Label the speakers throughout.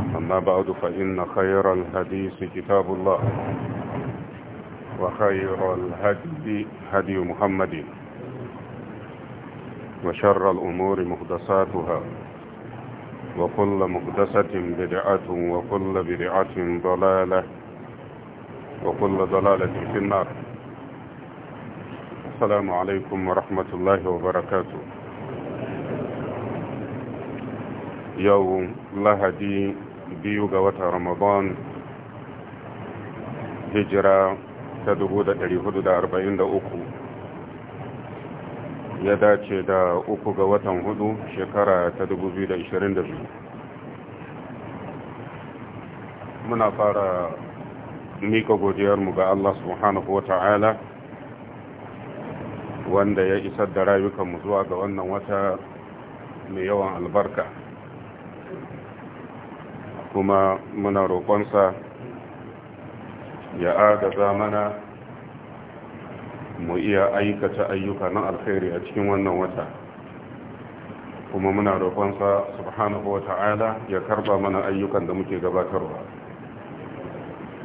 Speaker 1: أما بعد فإن خير الحديث كتاب الله وخير الهدي هدي محمد وشر الأمور مهدساتها وكل مهدسة بدعة وكل بدعة ضلالة وكل ضلالة في النار السلام عليكم ورحمة الله وبركاته yau lahadi biyu ga watan ramadan hijira ta 443 ya dace da uku ga watan hudu shekara ta 2022 muna fara mika godiyarmu ga Allah subhanahu wata'ala wanda ya isar da rayukanmu zuwa ga wannan wata mai yawan albarka kuma muna roƙonsa ya agaza mana mu iya aikata ayyuka na alkhairi a cikin wannan wata kuma muna roƙonsa subhanahu wa ta'ala ya karba mana ayyukan da muke gabatarwa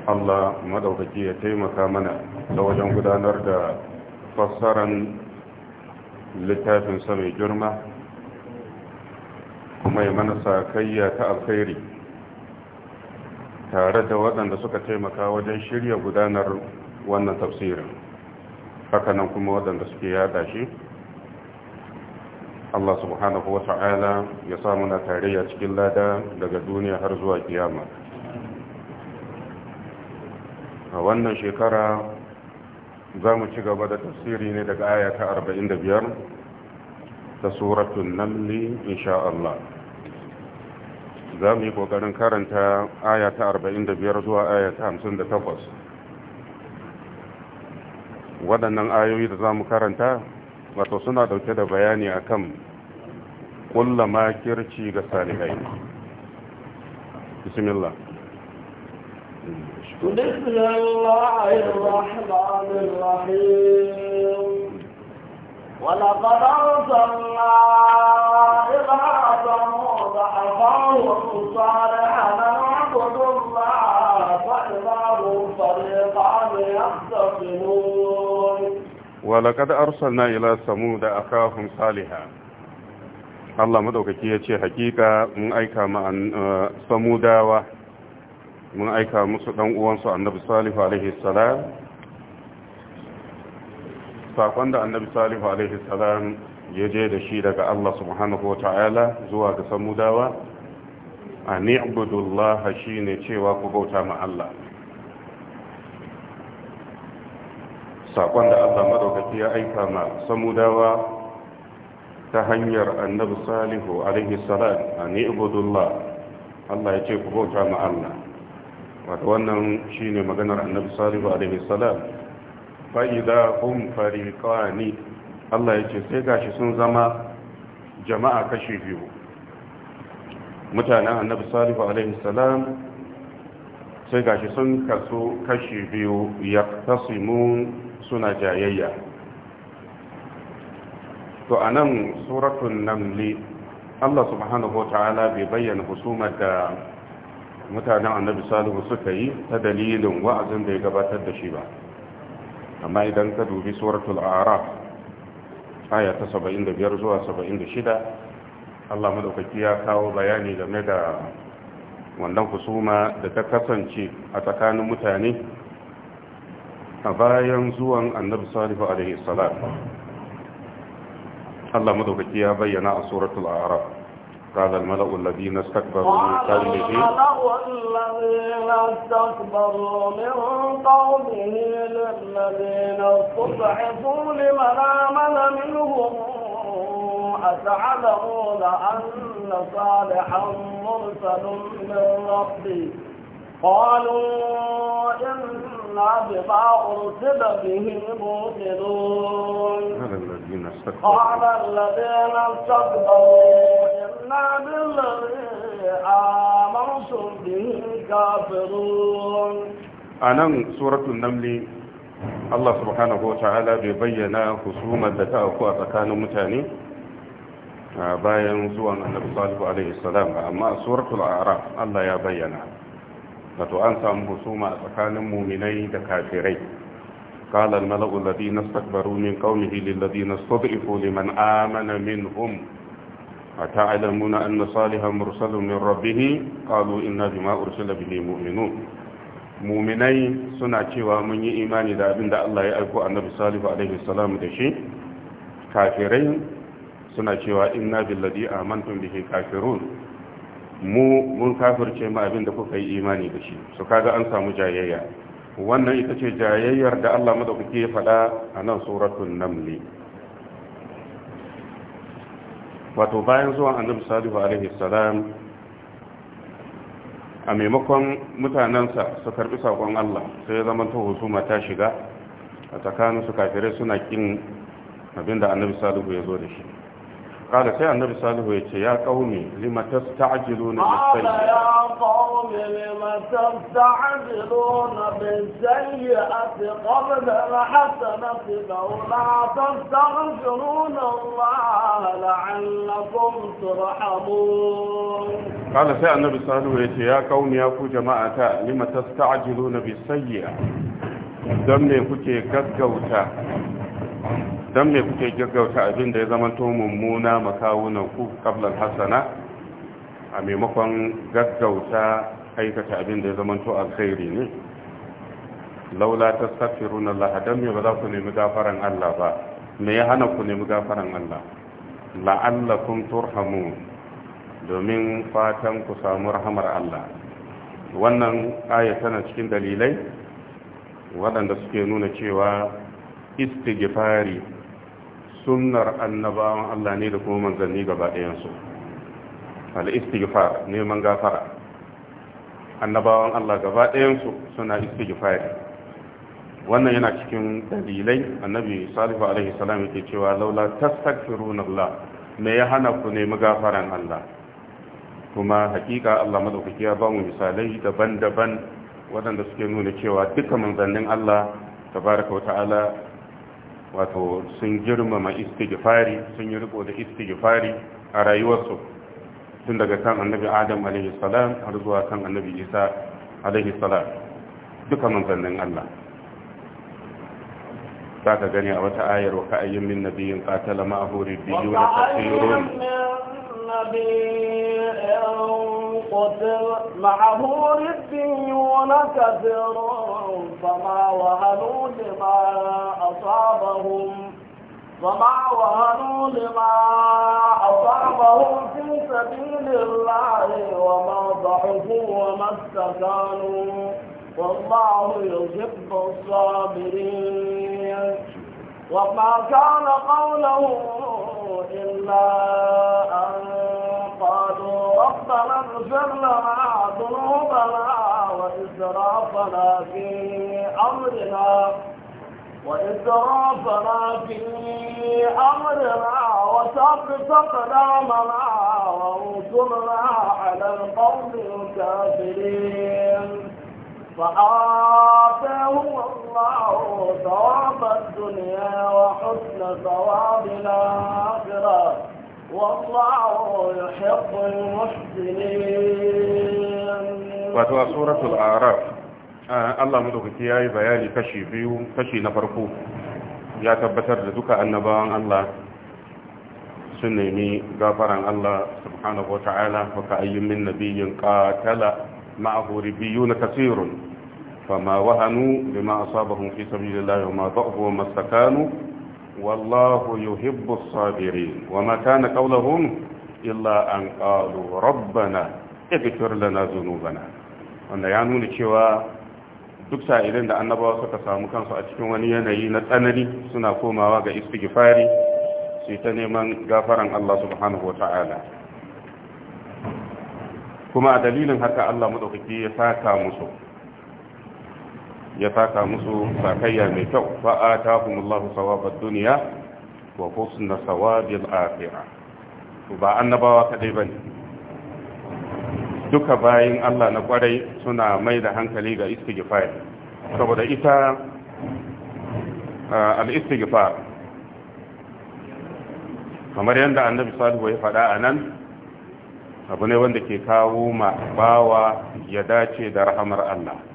Speaker 1: Allah madaukaki ya taimaka mana da wajen gudanar da fassaran littafinsa mai girma kuma ya mana sa ta alkhairi tare da waɗanda suka taimaka wajen shirya gudanar wannan tafsirin hakanan kuma waɗanda suke yada shi Allah subhanahu wa ta'ala ya samu na tarayya cikin lada daga duniya har zuwa kiyama a wannan shekara za mu ci gaba da tafsiri ne daga ayata 45 ta suratun namli insha Allah za mu yi ƙoƙarin karanta aya ta 45 zuwa aya ta 58 waɗannan ayoyi da za mu karanta wato suna ɗauke da bayani a kan ƙulla makirci ga salihai bismillah
Speaker 2: بسم الله الرحمن الرحيم ولقد أرسلنا إلى فأخاه صالح نعبد الله فإذا هم فريقان يختصمون
Speaker 1: ولقد أرسلنا إلى ثمود أخاهم صالحا Allah madaukaki ya ce hakika mun aika ma samudawa mun aika musu dan uwansu annabi salihu alaihi salam sakon da annabi salihu alaihi salam ya je da shi daga Allah subhanahu wata'ala zuwa ga samudawa a ni'budullah shi ne cewa ku bauta ma Allah saƙon da Allah maɗaukaki ya aika ma samudawa ta hanyar annabi salihu alaihi salam a ni'budullah Allah ya ce ku bauta ma Allah wata wannan shi ne maganar annabi salihu alaihi salam fa'ida kun fariƙani Allah ya ce sai gashi sun zama jama'a kashi biyu mutanen annabi salihu alaihi salam sai gashi sun kasu kashi biyu ya suna jayayya to a nan suratun namli Allah subhanahu ta'ala bai bayyana husumar da mutanen annabi salihu suka yi ta dalilin wa'azin da ya gabatar da shi ba amma idan ka dubi suratul araf aya ta 75 zuwa shida Allah madaukaki ya kawo bayani game da wannan husuma da ta kasance a tsakanin mutane a bayan zuwan annabi salihu alaihi salam Allah madaukaki ya bayyana a suratul a'raf قال الملأ الذين استكبروا من قومه
Speaker 2: الذين استكبروا من قومه للذين استضعفوا لمن آمن منهم أتعلمون أن صالحا مرسل من ربي قالوا إنا بما أرسل به موقنون قال الذين استكبروا إلا بالذي
Speaker 1: آمنتم به Allah subhanahu wa ta'ala bai bayyana husumar da ta auku a tsakanin mutane bayan zuwan annabi salihu alaihi salam amma suratun a'raf Allah ya bayyana wato an samu husuma a tsakanin muminai da kafirai kalar al-mala'u alladhina istakbaru min qaumihi lil ladina istud'ifu liman amana minhum أتعلمون أن صالحا مرسل من ربه قالوا إنا بما أرسل به مؤمنون muminai suna cewa mun yi imani da abin da Allah ya aiko annabi salihu alaihi salam da shi kafirai suna cewa inna billadhi bihi kafirun mu mun kafirce ma abin da kuka yi imani da shi su kaga an samu jayayya wannan ita ce jayayyar da Allah madaukake ya faɗa a nan suratul namli wato bayan zuwan annabi salihu alaihi salam a maimakon mutanensa su karbi sakon Allah sai zama ta husuma ta shiga a tsakanin su kafirai suna kin abinda annabi salihu ya zo da shi قال سي النبي صالح يتي يا قومي لما تستعجلون بالسيئة قال
Speaker 2: يا قوم لما تستعجلون بالسيئة قبل الحسنة لولا تستغفرون الله لعلكم ترحمون قال
Speaker 1: سي النبي صالح يتي يا قومي يا كو جماعة لما تستعجلون بالسيئة دم ne kuke gaggauta don me kuke gaggauta abin da ya zama to mummuna makawunan ku kablan hasana a maimakon gaggauta aikata abin da ya zama to alkhairi ne laula ta safirun Allah don me ba za ku nemi gafaran Allah ba me ya hana ku nemi gafaran Allah La'allakun turhamu. domin fatan ku samu rahamar Allah wannan aya tana cikin dalilai waɗanda suke nuna cewa istighfari sunnar annabawan Allah ne da kuma manzanni gaba ɗayansu al-istighfar neman gafara annabawan Allah gaba ɗayansu suna istighfar wannan yana cikin dalilai annabi salihu alaihi salam yake cewa laula tastaghfiruna Allah me ya hana ku nemi gafaran Allah kuma hakika Allah madaukaki ya ba mu misalai daban-daban waɗanda suke nuna cewa duka manzannin Allah tabaraka wa ta'ala wato sun girmama istighfari sun yi riko da istighfari a rayuwarsu tun daga kan annabi adam alaihi salam har zuwa kan annabi isa alaihi salam duka manzannin Allah za ka gani a wata ayar wa ka'ayyin min nabiyin qatala ma'ahu ribbiyun kathirun
Speaker 2: نبي قتل معه ربيون كثير فما وهنوا لما أصابهم وما وهنوا لما أصابهم في سبيل الله وما ضعفوا وما استكانوا والله يحب الصابرين وما كان قوله إلا أن قالوا ربنا اغفر لنا ذنوبنا وإسرافنا في أمرنا وإسرافنا في أمرنا وثبت أقدامنا وانصرنا على القوم الكافرين فآتاهم الله ثواب الدنيا وحسن ثواب الآخرة والله يحب المحسنين wato a suratul
Speaker 1: araf eh, Allah madaukaki ya yi bayani kashi biyu kashi na farko ya tabbatar da duka annabawan Allah sun nemi gafaran Allah subhanahu wa ta'ala wa ka'ayyin min nabiyyin qatala biyu na kasirun فما وهنوا لما أصابهم في سبيل الله وما ضعفوا وما استكانوا والله يحب الصابرين وما كان قولهم إلا أن قالوا ربنا اغفر لنا ذنوبنا wanda ya nuna cewa duk sa'ilin da annabawa suka samu kansu a cikin wani yanayi na tsanani suna komawa ga istighfari su ta neman gafaran Allah subhanahu wata'ala kuma a dalilin haka Allah madaukaki ya saka musu ya saka musu sakayya mai kyau fa'atahumullahu sawabad duniya, wa husna na akhirah to ba annabawa kadai ne. duka bayan Allah na kwarai suna mai da hankali ga istighfar saboda ita ah, al-istighfar kamar yadda annabi salihu ya faɗa a nan abu ne wanda ke kawo ma bawa ya dace da rahamar Allah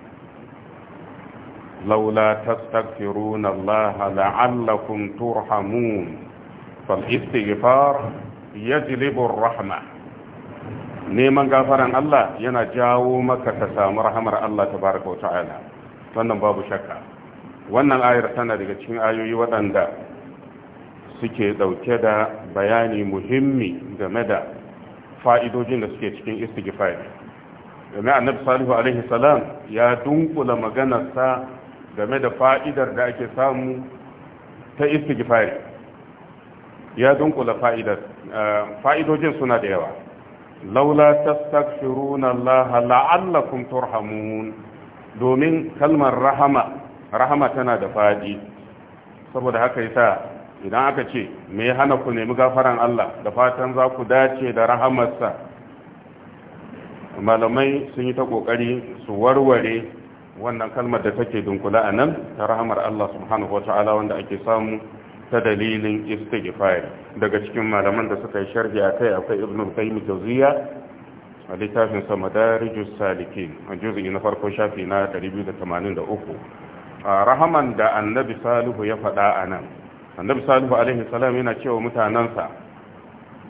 Speaker 1: لولا تستغفرون الله لعلكم ترحمون فالاستغفار يجلب الرحمة neman gafaran Allah yana jawo maka ka samu rahamar Allah tabaraka wa ta'ala wannan babu shakka wannan ayar tana daga cikin ayoyi waɗanda suke ɗauke da bayani muhimmi game da fa'idodin da suke cikin istighfar game annabi salihu alaihi salam ya dunkula maganarsa game da fa'idar da ake samu ta istighfari ya dunkula fa'idar eh, fa'idojin suna da yawa laula tastaghfiruna Allah la’allakun turhamun domin kalmar rahama rahama tana da faɗi. saboda haka yasa idan aka ce me ya hana ku nemi gafaran Allah da fatan za ku dace da rahamarsa malamai sun yi ta ƙoƙari su warware wannan kalmar da take dunkula a nan ta rahamar Allah subhanahu wata'ala wanda ake samu ta dalilin istighfar daga cikin malaman da suka yi sharhi akai akwai Ibn al-Qayyim a littafin sa Madarijus Salikin a juz'i na farko shafi na 283 rahaman da Annabi Salihu ya faɗa a nan Annabi Salihu alaihi salam yana cewa mutanansa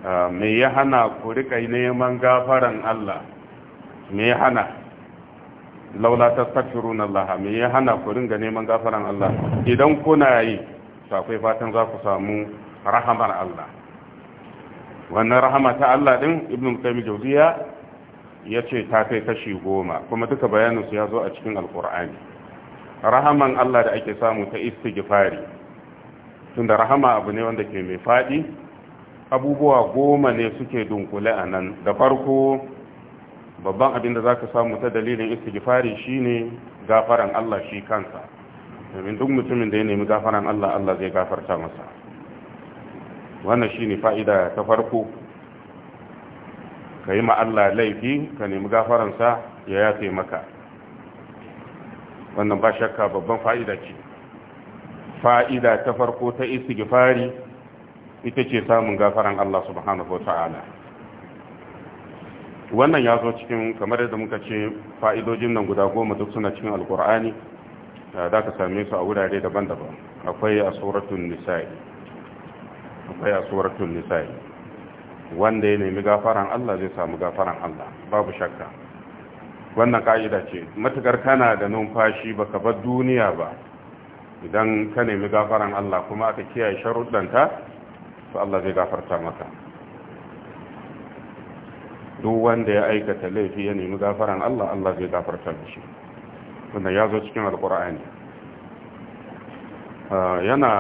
Speaker 1: ah, me ya hana ku rika neman gafaran Allah me ya hana laula ta na Allah me ya hana ku ringa neman gafaran Allah idan kuna yi to akwai fatan za ku samu rahamar Allah wannan rahama ta Allah din Ibn Qayyim Jawziya yace ta kai kashi goma kuma duka bayanin su ya zo a cikin Alqur'ani rahaman Allah da ake samu ta istighfari tunda rahama abu ne wanda ke mai fadi abubuwa goma ne suke dunkule a nan da farko babban abin da za ka samu ta dalilin istighfari shine gafaran Allah shi kansa domin duk mutumin da ya nemi gafaran Allah Allah zai gafarta masa wannan shine fa'ida ta farko ka yi ma Allah laifi ka nemi gafaransa ya yafe maka wannan ba shakka babban fa'ida ce fa'ida ta farko ta istighfari ita ce samun gafaran Allah subhanahu wa ta'ala wannan ya zo cikin kamar yadda muka ce fa'idojin nan guda goma duk suna cikin alkur'ani da ka same su a wurare daban-daban akwai a tsoratun nisa'i akwai a tsoratun nisa'i wanda ya nemi gafaran Allah zai samu gafaran Allah babu shakka wannan ka'ida ce matukar kana da numfashi baka bar duniya ba idan ka nemi gafaran Allah kuma aka kiyaye sharuɗanta to Allah zai gafarta maka duk wanda ya aikata laifi ya nemi gafaran Allah Allah zai gafarta da shi wanda ya zo cikin alkur'ani ah, yana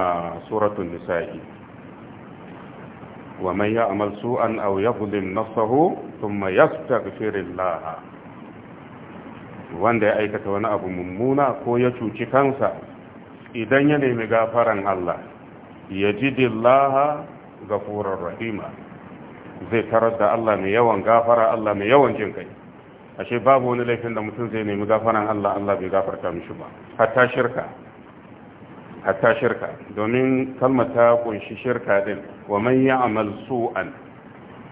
Speaker 1: suratun nisa'i wa man ya'mal su'an aw yadhlim nafsahu thumma yastaghfirullah wanda ya aikata wani abu mummuna ko ya cuci kansa idan ya nemi gafaran Allah yajidillaha ghafurur rahima zai tarar da Allah mai yawan gafara Allah mai yawan jin kai ashe babu wani laifin da mutum zai nemi gafaran Allah Allah bai gafarta mishi ba hatta shirka hatta shirka domin kalmar ta kunshi shirka din wa man ya'mal su'an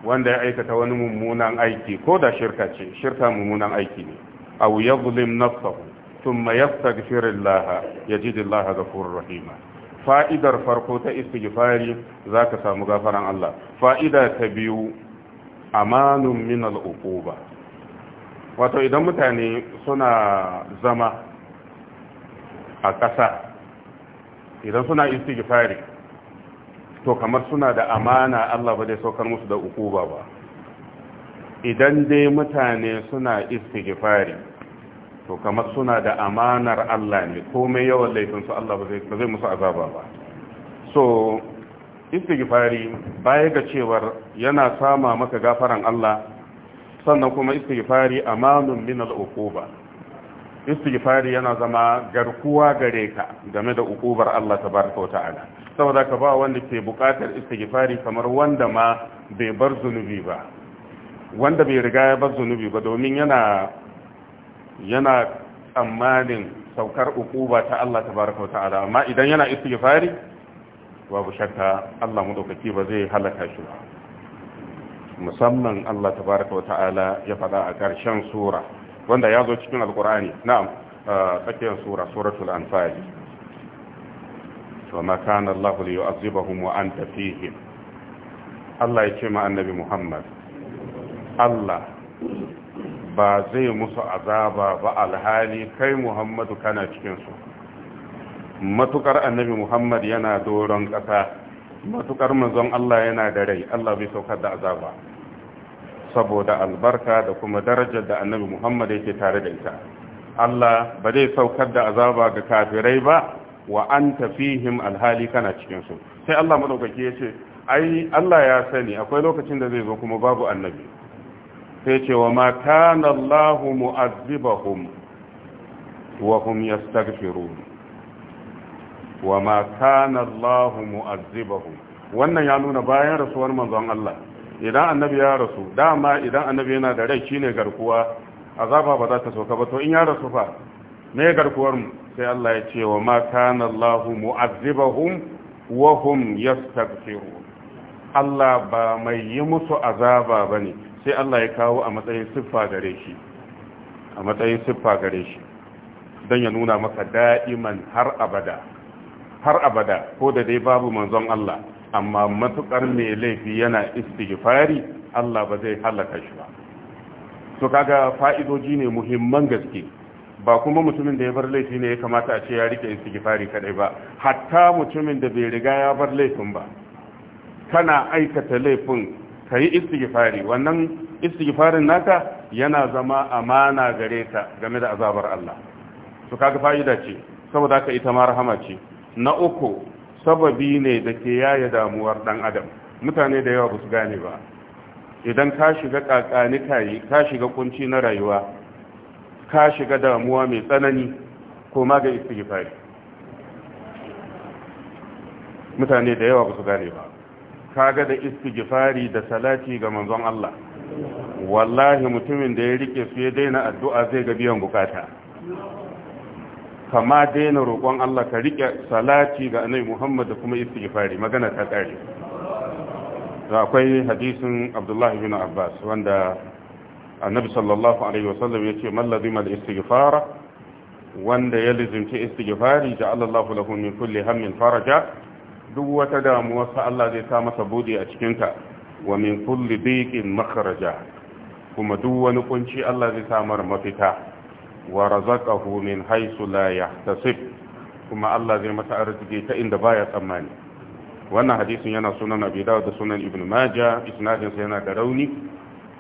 Speaker 1: wanda ya aikata wani mummunan aiki ko da shirka ce shirka mummunan aiki ne aw yadhlim nafsahu thumma yastaghfirullah yajidullah ghafurur rahima fa'idar farko ta istighfari za ka samu gafaran Allah fa'ida ta biyu amanun min al'uquba wato idan mutane suna zama a ƙasa idan suna istighfari to kamar suna da amana Allah ba zai saukar musu da uquba ba idan dai mutane suna istighfari to kamar suna da amanar Allah ne komai yawan laifinsu Allah ba zai musu azaba ba so istighfari baya ga cewar yana sama maka gafaran Allah sannan kuma istighfari amanun min al-uquba istighfari yana zama garkuwa gare ka game da ukubar Allah tabaraka ta'ala saboda ka ba wanda ke bukatar istighfari kamar wanda ma bai bar zunubi ba wanda bai riga ya bar zunubi ba domin yana yana tsammanin saukar ukuba ta Allah tabaraka ta'ala amma idan yana istighfari babu shakka Allah madaukaki ba zai halaka shi musamman Allah tabaraka ta'ala ya faɗa a ƙarshen sura wanda ya zo cikin alkur'ani na tsakiyar sura suratul anfal wa ma kana Allah liyu'azzibahum wa anta fihim Allah ya ce ma annabi Muhammad Allah ba zai musu azaba ba alhali kai muhammadu kana cikinsu matukar annabi muhammad yana doron ƙasa matukar manzon allah yana da rai allah bai saukar da azaba saboda albarka da kuma darajar da annabi muhammad yake tare da ita allah ba zai saukar da azaba ga kafirai ba wa an tafihim alhali kana cikinsu sai allah maɗaukaki ya ce ai allah ya sani akwai lokacin da zai zo kuma babu annabi sai ce wa ma kana Allah mu'azzibahum wa hum yastaghfirun wa ma kana Allah mu'azzibahum wannan ya nuna bayan rasuwar manzon Allah idan annabi ya rasu dama idan annabi yana da rai shine garkuwa azaba ba za ta sauka ba to in ya rasu fa me garkuwar mu sai Allah ya ce wa ma kana Allah mu'azzibahum wa hum yastaghfirun Allah ba mai yi musu azaba bane sai Allah ya kawo a matsayin siffa gare shi a matsayin siffa gare shi don ya nuna maka da'iman har abada har abada ko da dai babu manzon Allah amma matukar mai laifi yana istighfari Allah ba zai halaka shi ba to kaga fa'idoji ne muhimman gaske ba kuma mutumin da ya bar laifi ne ya kamata a ce ya rike istighfari kadai ba hatta mutumin da bai riga ya bar laifin ba kana aikata laifin ka yi istighfari wannan istighfarin naka yana zama amana gare ka game da azabar Allah to kaga fa'ida ce saboda haka ita ma rahama ce na uku sababi ne da ke yaya damuwar dan adam mutane da yawa ba su gane ba idan ka shiga kakani kai ka shiga kunci na rayuwa ka shiga damuwa mai tsanani ko ma ga istighfari mutane da yawa ba su gane ba kaga da istighfari da salati ga manzon Allah wallahi mutumin da ya rike su ya daina addu'a zai ga biyan bukata kama daina roƙon Allah ka rike salati ga annabi Muhammad da kuma istighfari magana ta kare akwai hadisin Abdullah ibn Abbas wanda annabi sallallahu alaihi wasallam yace man lazima al-istighfara wanda ya lizimci istighfari ja'ala Allahu lahu min kulli hammin faraja duk wata damuwarsa Allah zai sa masa bude a cikinta wa min kulli dhiqin makhraja kuma duk wani kunci Allah zai sa mar mafita wa razaqahu min haythu la yahtasib kuma Allah zai masa arziki ta inda baya tsammani wannan hadisin yana sunan Abi Dawud da sunan Ibn Majah isnadin sa yana da rauni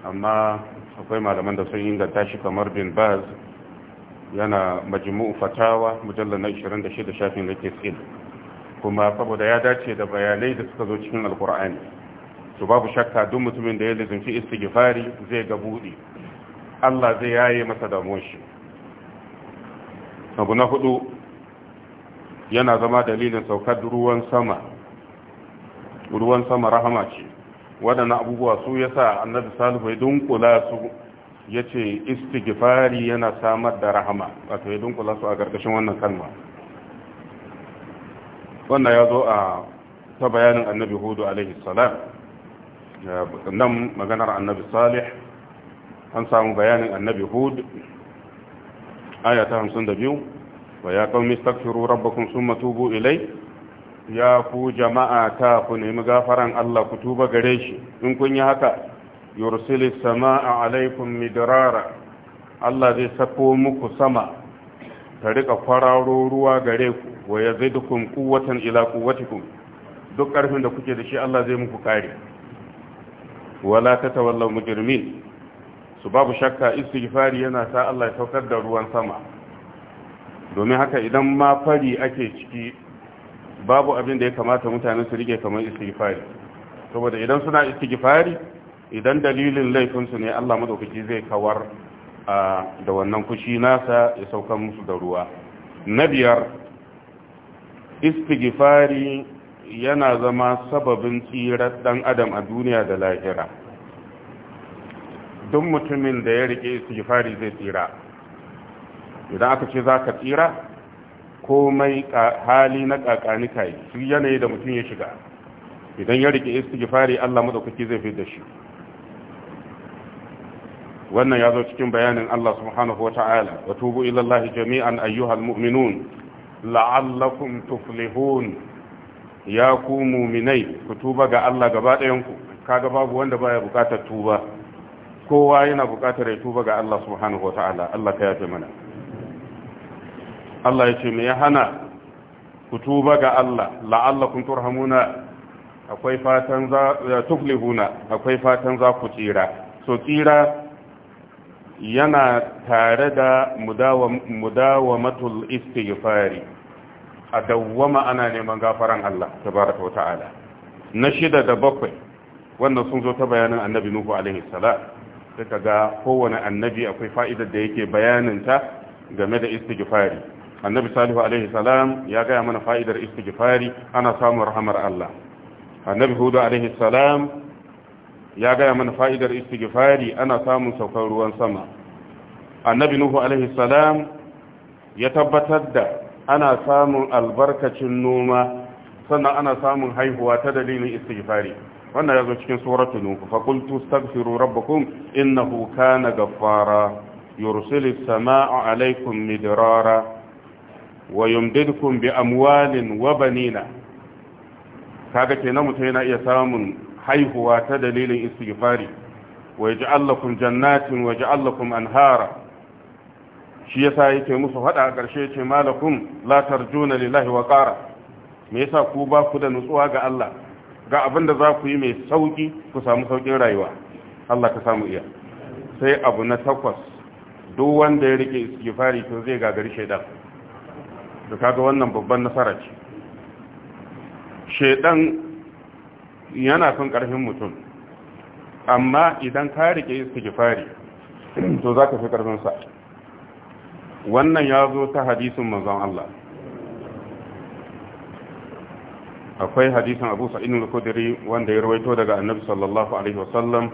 Speaker 1: amma akwai malaman da sun inganta shi kamar bin Baz yana majmu'u fatawa mujallal na 26 shafin da ke kuma saboda ya dace da bayanai da suka zo cikin alkur'ani to babu shakka duk mutumin da ya lizinci istighfari zai ga buɗe Allah zai yaye masa da moshi abu na hudu yana zama dalilin saukar ruwan sama ruwan sama rahama ce waɗannan abubuwa su ya sa annabi salihu ya dunkula su ya ce istighfari yana samar da rahama wato ya dunkula su a ƙarƙashin wannan kalma wannan ya zo a ta bayanin annabi hudu alaihi salam nan maganar annabi salih an samu bayanin annabi hud aya ta biyu wa ya qaumi astaghfiru rabbakum thumma tubu ilai ya ku jama'a ta ku nemi gafaran Allah ku tuba gare shi in kun yi haka yursilis samaa alaikum midrara Allah zai sako muku sama ta rika kwararo ruwa gare ku wa ya zai dukkan kuwatan ila kuwatikun duk ƙarfin da kuke da shi Allah zai muku kare wala ta tawalla mujrimin su babu shakka istighfari yana sa Allah ya saukar da ruwan sama domin haka idan ma fari ake ciki babu abin da ya kamata mutane su rike kamar istighfari saboda idan suna istighfari idan dalilin laifinsu ne Allah madaukaki zai kawar da wannan fushi nasa ya sauka musu da ruwa na biyar istighfari yana zama sababin tsirar dan adam a duniya da lahira duk mutumin da ya rike istighfari zai tsira idan aka ce za ka tsira komai hali na kakanika yi su yanayi da mutum ya shiga idan ya rike istighfari Allah maɗaukaki zai fi da shi wannan ya zo cikin bayanin Allah subhanahu wa ta'ala wa tubu ilallahi jami'an ayyuhal mu'minun La'allakun tuflihun ya ku muminai ku tuba ga Allah gaba ɗayanku kaga babu wanda baya buƙatar tuba kowa yana buƙatar ya tuba ga Allah subhanahu wa ta'ala Allah ka yafe mana Allah ya ce me ya hana ku tuba ga Allah La'allakun turhamuna akwai fatan za tuflihuna akwai fatan za ku tsira so tsira yana tare da mudawamatul istighfari a dawwama ana neman gafaran Allah tabaraka wa na shida da bakwai wannan sun zo ta bayanin annabi nuhu alaihi salam suka ga kowane annabi akwai fa'idar da yake bayanin ta game da istighfari annabi salihu alaihi salam ya gaya mana fa'idar istighfari ana samun rahmar Allah annabi hudu alaihi salam ya gaya mana fa'idar istighfari ana samun saukar ruwan sama annabi nuhu alaihi salam ya tabbatar da ana samun albarkacin noma sannan ana samun haihuwa ta dalilin istighfari wannan ya zo cikin suratu nuhu fa qultu astaghfiru rabbakum innahu na, ghaffara yursilis samaa'a alaykum midrara wa yumdidukum bi amwalin wa banina kaga kenan mutum yana iya samun haihuwa ta dalilin istighfari wa yaj'al lakum jannatin wa yaj'al lakum anhara shi yasa yake musu hada a ƙarshe yace malakum la tarjuna lillahi wa qara me yasa ku ba ku da nutsuwa ga Allah ga abin da za ku yi mai sauki ku samu saukin rayuwa Allah ka samu iya sai abu na takwas duk wanda ya rike istighfari to zai gagari shaidan da kaga wannan babban nasara ce shaidan yana son ƙarfin mutum amma idan ka rike istighfari to zaka fi ƙarfinsa wannan ya zo ta hadisin manzan Allah akwai hadisin Abu Sa'id al-Khudri wanda ya rawaito daga Annabi sallallahu alaihi wasallam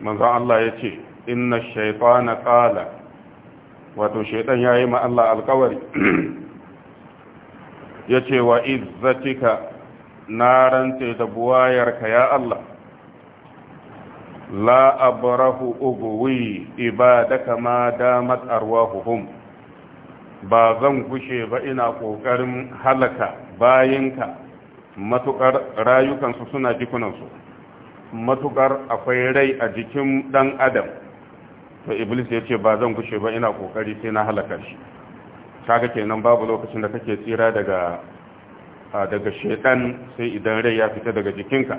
Speaker 1: manzon Allah yace inna ash-shaytana qala wato shaytan yayi ma Allah alƙawari yace wa izzatika na rantse da buwayarka ya Allah la abrahu ubwi ibadaka ma damat arwahuhum ba zan kushe ba ina kokarin halaka bayinka matukar rayukansu suna jikunansu matukar akwai rai a jikin dan adam to iblis ya ce ba zan kushe ba ina kokari sai na halaka shi kaga kenan babu lokacin da kake tsira daga daga shaidan sai idan rai ya fita daga jikinka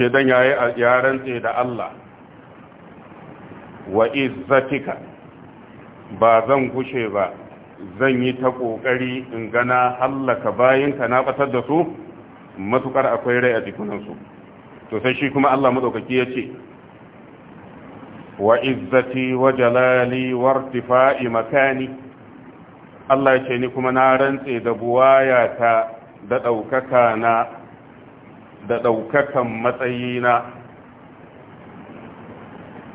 Speaker 1: shaidan ya yi yaran tse da Allah wa izzatika ba zan gushe ba zan yi ta ƙoƙari in gana hallaka bayinka na ɓatar da su matukar akwai rai a jikunansu to sai shi kuma Allah maɗaukaki ya ce wa izzati wa jalali wa irtifa'i makani Allah ya ce ni kuma na rantse da buwaya ta da ɗaukaka na da ɗaukakan matsayina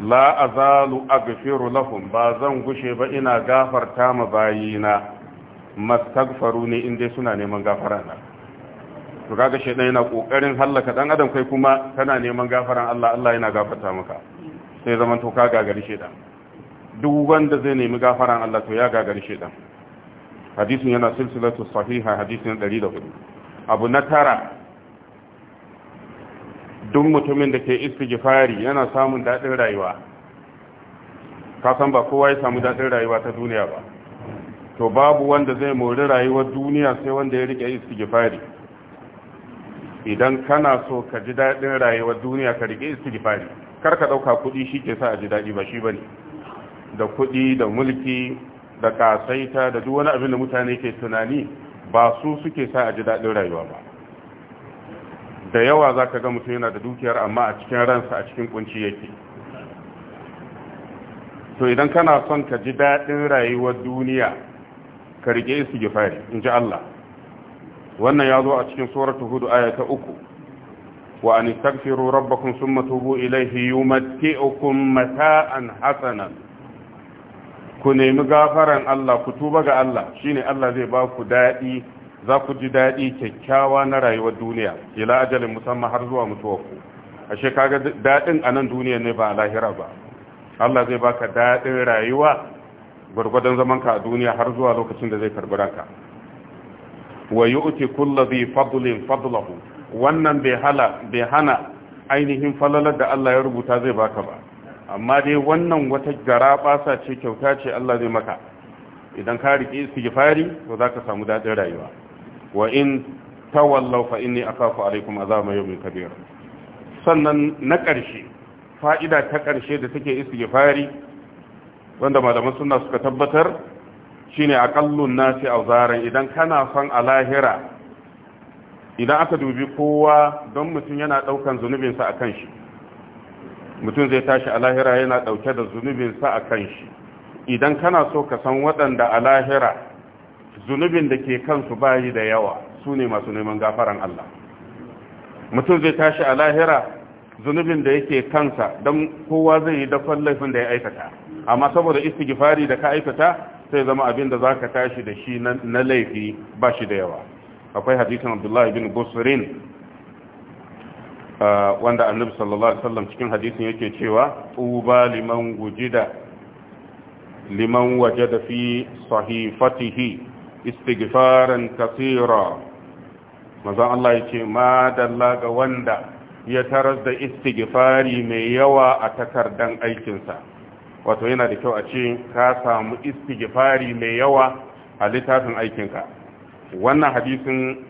Speaker 1: la azalu aghfiru lahum ba zan gushe ba ina gafarta ma bayina mastagfaru ne in dai suna neman gafara na to kaga shedan yana kokarin hallaka dan adam kai kuma kana neman gafaran Allah Allah yana gafarta maka sai zaman to ka gagari shedan duk wanda zai nemi gafaran Allah to ya gagari shedan hadisin yana silsilatu sahiha hadisin 104 abu na tara duk mutumin da ke istighfari yana samun dadin rayuwa ka san ba kowa ya samu daɗin rayuwa ta duniya ba to babu wanda zai mori rayuwar duniya sai wanda ya rike istighfari idan kana so ka ji daɗin rayuwar duniya ka rike istighfari kar ka dauka kudi shi ke sa a ji daɗi ba shi bane da kuɗi da mulki da kasaita da duk wani abin da mutane ke tunani ba su suke sa a ji daɗin rayuwa ba da yawa za ka ga mutum yana da dukiyar amma a cikin ransa a cikin kunci yake to idan kana son ka ji daɗin rayuwar duniya ka rike su fari, in ji Allah wannan ya zo a cikin suratul hudu aya ta uku wa an taghfiru rabbakum thumma tubu ilayhi yumatti'ukum mata'an hasanan ku nemi gafaran Allah ku tuba ga Allah shine Allah zai ba ku daɗi za ku ji daɗi kyakkyawa na rayuwar duniya ila ajalin musamman har zuwa mutuwa ku ashe kaga daɗin a nan duniya ne ba lahira ba Allah zai baka daɗin rayuwa gwargwadon zaman ka a duniya har zuwa lokacin da zai karbi ranka wa yu'ti kullu fadlin fadlahu wannan bai hala bai hana ainihin falalar da Allah ya rubuta zai baka ba amma dai wannan wata gara basa ce kyauta ce Allah zai maka idan ka riƙe istighfari to zaka samu dadin rayuwa wa in tawallaw fa inni akafu alaikum azaba yawmin kabir sannan na ƙarshe fa'ida ta ƙarshe da take istighfari wanda malaman sunna suka tabbatar shine aqallun nasi awzaran idan kana son a lahira idan aka dubi kowa don mutum yana daukan zunubinsa akan shi mutum zai tashi a lahira yana ɗauke da zunubinsa a kan shi idan kana so ka san waɗanda a lahira zunubin da ke kansu bayi da yawa su ne masu neman gafaran Allah mutum zai tashi a lahira zunubin da yake kansa don kowa zai yi dafan laifin da ya aikata amma saboda istigifari da ka aikata sai zama abin da za ka tashi da shi na laifi ba shi da yawa akwai hadisan abdullahi bin busrin wanda annabi sallallahu alaihi wasallam cikin hadisin yake cewa tuba liman gujida liman wajada fi sahifatihi istighfaran katira maza Allah yake ma dalla ga wanda ya taras da istighfari mai yawa a takardan aikinsa wato yana da kyau a ce ka samu istighfari mai yawa a littafin aikinka wannan hadisin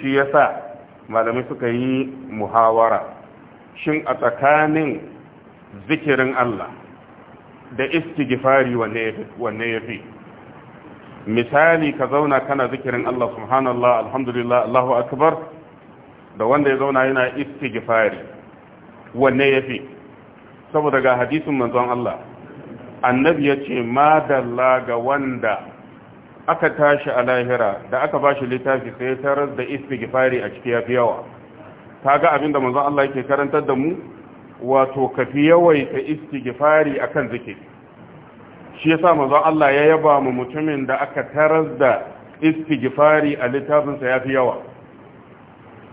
Speaker 1: shi yasa malamai suka yi muhawara shin a tsakanin zikirin Allah da istighfari wanne ya fi misali ka zauna kana zikirin Allah subhanallah alhamdulillah Allahu akbar da wanda ya zauna yana istighfari wanne ya fi saboda ga hadisin manzon Allah annabi ya ce madalla ga wanda aka tashi a lahira da aka ba shi littafi sai taras da istighfari a ciki yafi yawa kaga da manzo Allah yake karantar da mu wato kafi yawaita istighfari akan zikiri shi yasa manzo Allah ya yaba mu mutumin da aka taras da istighfari a littafinsa sa yafi yawa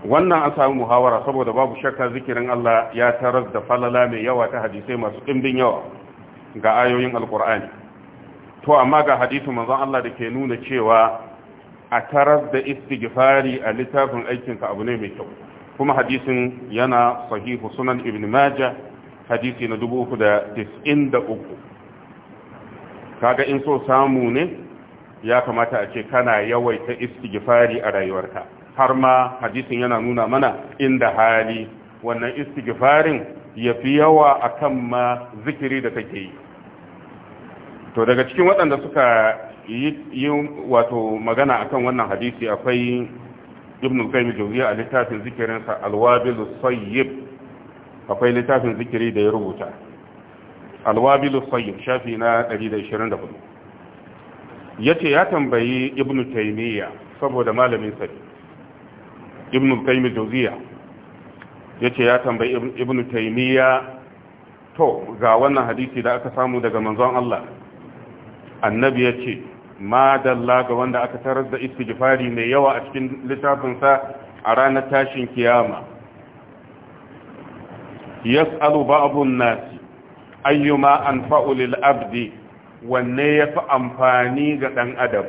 Speaker 1: wannan an samu muhawara saboda babu shakka zikirin Allah ya taras da falala mai yawa ta hadisai masu dimbin yawa ga ayoyin alqur'ani to amma ga hadisi manzon Allah da ke nuna cewa a taras da istighfari a littafin aikinka abu ne mai kyau kuma hadisin yana sahihu sunan ibn majah hadisi na 393 kaga in so samu ne ya kamata a ce kana yawaita istighfari a rayuwarka har ma hadisin yana nuna mana inda hali wannan istighfarin yafi yawa akan ma zikiri da kake yi to daga cikin waɗanda suka yi wato magana akan wannan hadisi akwai ibn al-qayyim jawziya a littafin zikirin sa al-wabil sayyib akwai littafin zikiri da ya rubuta al-wabil sayyib shafi na 124 yace ya tambayi ibn taymiya saboda malamin sa ibn al-qayyim jawziya yace ya tambayi ibn taymiya to ga wannan hadisi da aka samu daga manzon Allah annabi ya ce ma dalla ga wanda aka tarar da istighfari mai yawa a cikin littafinsa a ranar tashin kiyama yas'alu ba'dun nas ayyuma anfa'u lil abdi wanne yafi amfani ga dan adam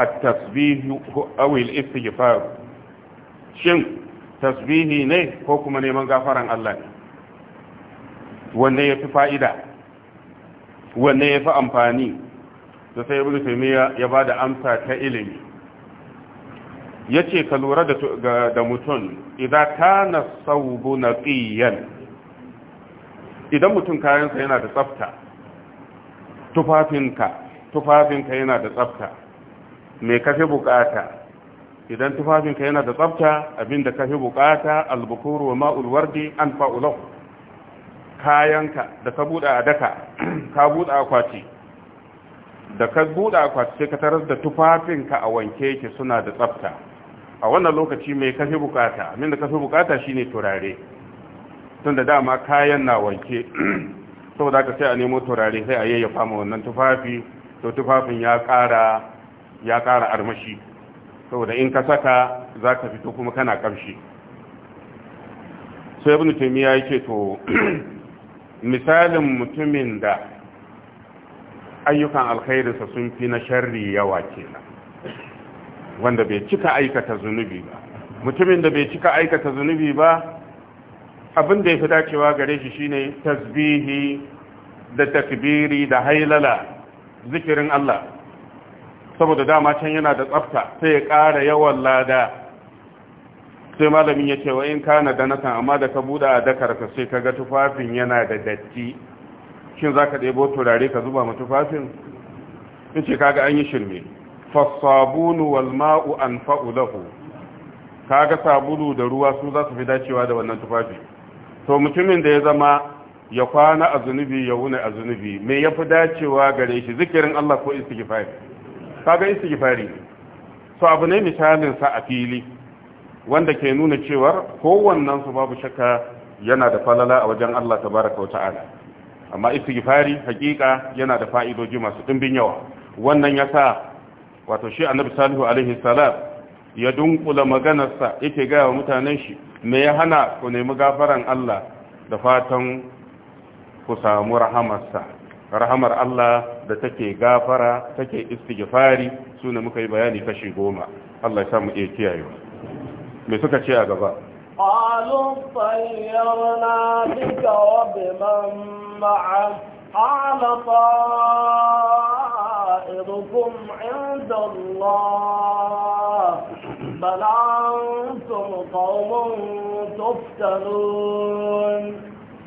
Speaker 1: at-tasbih aw al-istighfar shin tasbihi ne ko kuma neman gafaran Allah ne wanne yafi fa'ida wanne yafi amfani da sai ibn taymiya ya bada amsa ta ilimi yace ka lura da da mutum idan kana sawbu naqiyan idan mutum kayansa yana da tsafta tufafinka tufafinka yana da tsafta me fi bukata idan tufafinka yana da tsafta abinda kafi bukata albukuru wa ma'ul wardi an kayanka da ka buɗe a daka ka buɗe akwati da ka buɗa akwati sai ka tarar da tufafinka a wanke yake suna da tsafta a wannan lokaci mai kafi bukata da kafi bukata shine turare tun da dama kayan na wanke saboda haka sai a nemo turare sai a yayyafa ma wannan tufafi to tufafin ya ƙara ya ƙara armashi in ka saka za ka fito kuma kana ƙamshi sai ibn taymiya yake to misalin mutumin da ayyukan alkhairinsa sun fi na sharri yawa kenan wanda bai cika aikata zunubi ba mutumin da bai cika aikata zunubi ba abin da ya fi dacewa gare shi shine tasbihi da takbiri da hailala zikirin Allah saboda dama can yana da tsafta sai ya kara yawan lada sai malamin ya ce wa in kana da nasan amma da ka buɗe a dakarka sai ka ga tufafin yana da datti shin za ka ɗebo turare ka zuba mu tufafin in ce kaga an yi shirme fassabunu wal ma'u an fa'ulahu kaga sabulu da ruwa su za su fi dacewa da wannan tufafi to mutumin da ya zama ya kwana a zunubi ya wuna a zunubi me ya fi dacewa gare shi zikirin Allah ko istighfari kaga istighfari to abu ne misalin sa a fili wanda ke nuna cewar kowannen su babu shakka yana da falala a wajen Allah tabaraka wa ta'ala amma istighfari hakika yana da fa'idoji masu dimbin yawa wannan yasa wato shi annabi salihu alaihi salam ya dunkula maganarsa yake ga wa mutanen shi me ya hana ku nemi gafaran Allah da fatan ku samu rahamarsa rahamar Allah da take gafara take istighfari sune muka yi bayani kashi goma Allah ya samu iya kiyayewa me suka ce a gaba
Speaker 2: قالوا طيرنا بك وبمن معك قال طائركم عند الله بل أنتم قوم تفتنون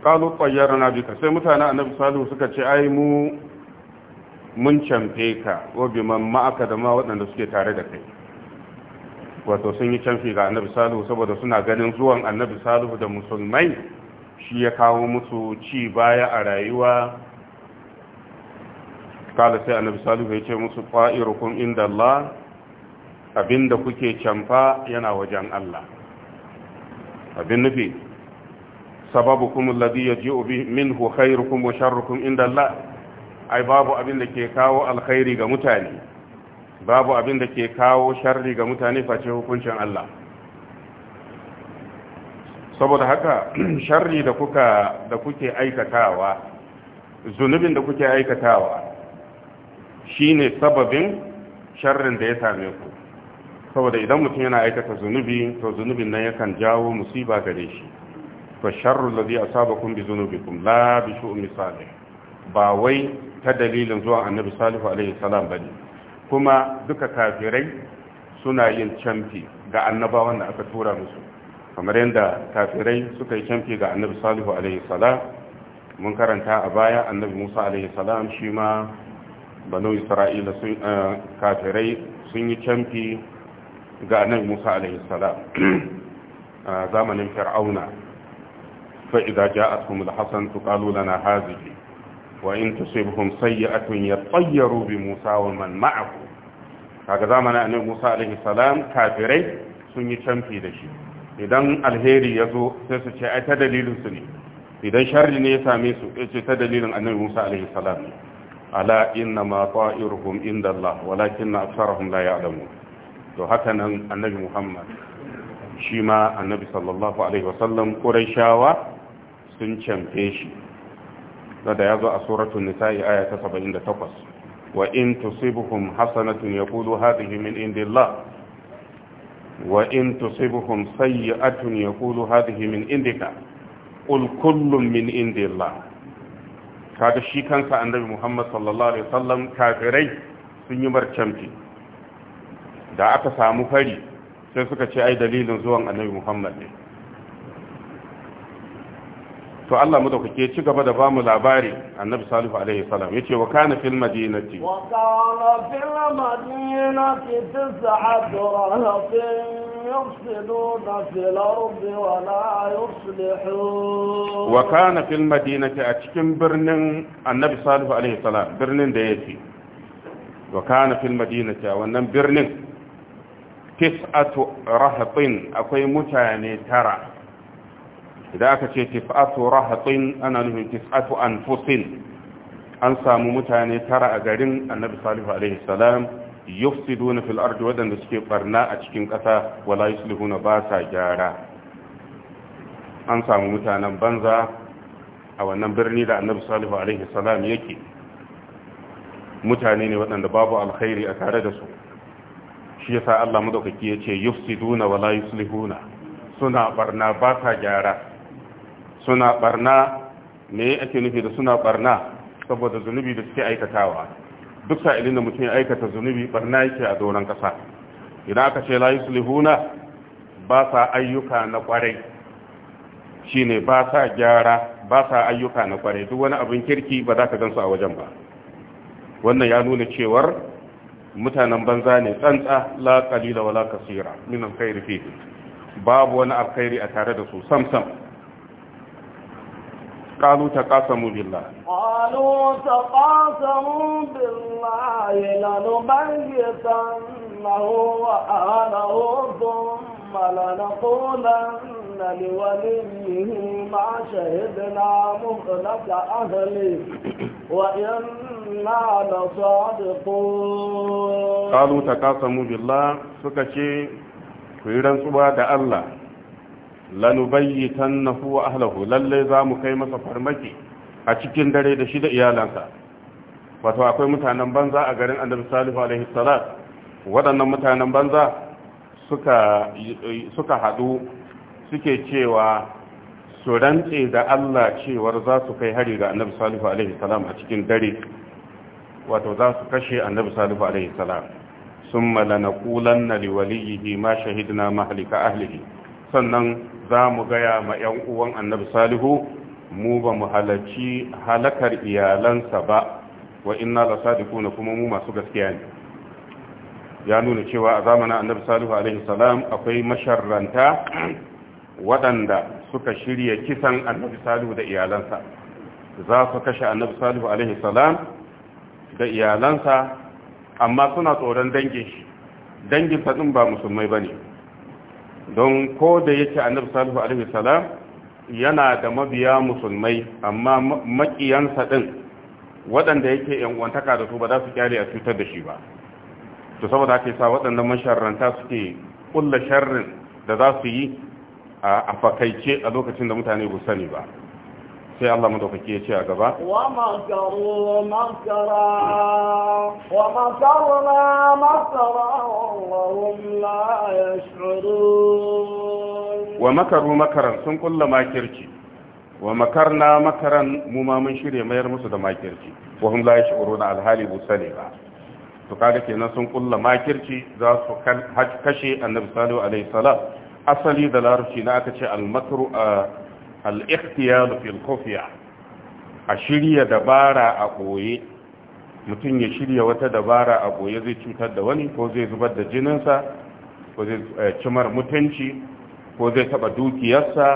Speaker 1: قالوا طيرنا بك سيمتنا النبي صلى الله عليه وسلم أي مو mun camfe ka wa biman ma'aka da ma waɗanda suke tare da kai wato sun yi canfi ga annabi salihu saboda suna ganin zuwan annabi salihu da musulmai shi ya kawo musu ci baya a rayuwa kala sai annabi salihu ya ce musu fa'irukum inda Allah abinda kuke canfa yana wajen Allah abin nufi sababukum alladhi yaji'u bi minhu khairukum wa sharrukum inda Allah ai babu abin da ke kawo alkhairi ga mutane babu abin da ke kawo sharri ga mutane face hukuncin Allah saboda haka sharri da kuka da kuke aikatawa zunubin da kuke aikatawa shine sababin sharrin da ya same ku saboda idan mutum yana aikata zunubi to zunubin nan yakan jawo musiba gare shi to sharru ladhi asabakum bi zunubikum la bi shu'mi salih ba wai ta dalilin zuwa annabi salihu alaihi salam bane kuma duka kafirai suna yin camfi ga annabawan da aka tura musu kamar yadda kafirai suka yi camfi ga annabi salihu alaihi salam mun karanta a baya annabi musa alaihi salam shi ma banu isra'ila eh, kafirai sun yi camfi ga annabi musa alaihi salam zamanin fir'auna fa idza ja'atuhum al-hasan tuqalu lana hadhihi wa in tusibhum sayyi'atun yatayyaru bi Musa wa man kaga zamanin annabi Musa alaihi salam kafirai sun yi canfi da shi idan alheri ya zo sai su ce ai ta dalilin su ne idan sharri ne ya same su ya ce ta dalilin annabi Musa alaihi salam ala inna ma ta'iruhum inda Allah walakinna aktharuhum la ya'lamun to haka nan annabi Muhammad shi ma annabi sallallahu alaihi wasallam Qurayshawa sun canfe shi da ya zo a suratun nisa'i aya ta 78 wa in tusibuhum hasanatun yaqulu hadhihi min indillah wa in tusibuhum sayyi'atun yaqulu hadhihi min indika qul kullun min indillah kaga shi kansa annabi Muhammad sallallahu alaihi wasallam kafirai sun yi marcamci da aka samu fari sai suka ce ai dalilin zuwan annabi Muhammad ne to Allah mu da kuke ci gaba da bamu labari annabi salihu alaihi salam yace wa kana fil madinati
Speaker 2: wa kana fil madinati tis'atu rahatin yufsiduna fil ardi wa la yuslihun wa kana
Speaker 1: fil madinati a cikin birnin annabi salihu alaihi salam birnin da yake wa kana fil madinati wannan birnin tis'atu rahatin akwai mutane tara idan aka ce tif'atu rahatin ana nufin tif'atu anfusin an samu mutane tara a garin annabi salihu alaihi salam yufsiduna fil ardi wadanda suke barna a cikin kasa wala yuslihuna ba sa gyara an samu mutanen banza a wannan birni da annabi salihu alaihi salam yake mutane ne waɗanda babu alkhairi a tare da su shi yasa Allah madaukaki yace yufsiduna wala yuslihuna suna barna ba sa gyara suna barna me ake nufi da suna barna saboda zunubi da suke aikatawa duk sa'ilin da mutum ya aikata zunubi barna yake a doron kasa idan aka ce layu sulihuna ba sa ayyuka na kwarai shine ba sa gyara ba sa ayyuka na kwarai duk wani abin kirki ba za ka gansu a wajen ba wannan ya nuna cewar mutanen banza ne tsantsa la da wala kaseera kairi alkhairi babu wani alkhairi a tare da su sam sam قالوا تقاسموا بالله
Speaker 2: قالوا تقاسموا بالله لنبيتنه وأهله ثم لنقولن لوليه ما شهدنا مخلف أهله وإنا لصادقون قالوا
Speaker 1: تقاسموا بالله سكشي ku yi rantsuwa da Allah nahu wa ahlihi lalle za mu kai masa farmaki a cikin dare da shi da iyalansa wato akwai mutanen banza a garin annabi salihu alaihi salat waɗannan mutanen banza suka suka hadu suke cewa su rantse da Allah cewar za su kai hari ga annabi salihu alaihi salam a cikin dare wato za su kashe annabi salihu alaihi salam summa lanaqulanna liwalihi ma shahidna mahlika ahlihi sannan za mu gaya ma 'yan uwan annabi salihu mu ba mu halarci halakar iyalansa ba wa inna la na kuma mu masu gaskiya ne ya nuna cewa a zamanin annabi salihu alaihi salam akwai masharranta waɗanda suka shirya kisan annabi salihu da iyalansa za su kashe annabi salihu alaihi salam da iyalansa amma suna tsoron dangin shi dangin ɗin ba musulmai ba ne don ko da yake annabi salihu alaihi salam yana da mabiya musulmai amma makiyansa din waɗanda yake yankwantaka da su ba za su kyale a cutar da shi ba to saboda ake sa waɗannan masharranta suke kulla sharrin da za su yi a fakaice a lokacin da mutane ba sani ba sai Allah madaukaki ya ce a gaba
Speaker 2: wa makaru makara wa makarna makara wahum la yash'urun wa
Speaker 1: makaru makaran sun kulla makirci wa makarna makaran mu ma mun shirye mayar musu da makirci Wa wahum la yash'urun alhali busale ba to kaga kenan sun kulla makirci za su kashe annabi sallallahu alaihi wasallam asali da larabci na aka ce al-makru al-ikhtiyar fil a shirya dabara a boye mutum ya shirya wata dabara a boye zai cutar da wani ko zai zubar da jininsa ko zai eh, cimar mutunci ko zai taba dukiyarsa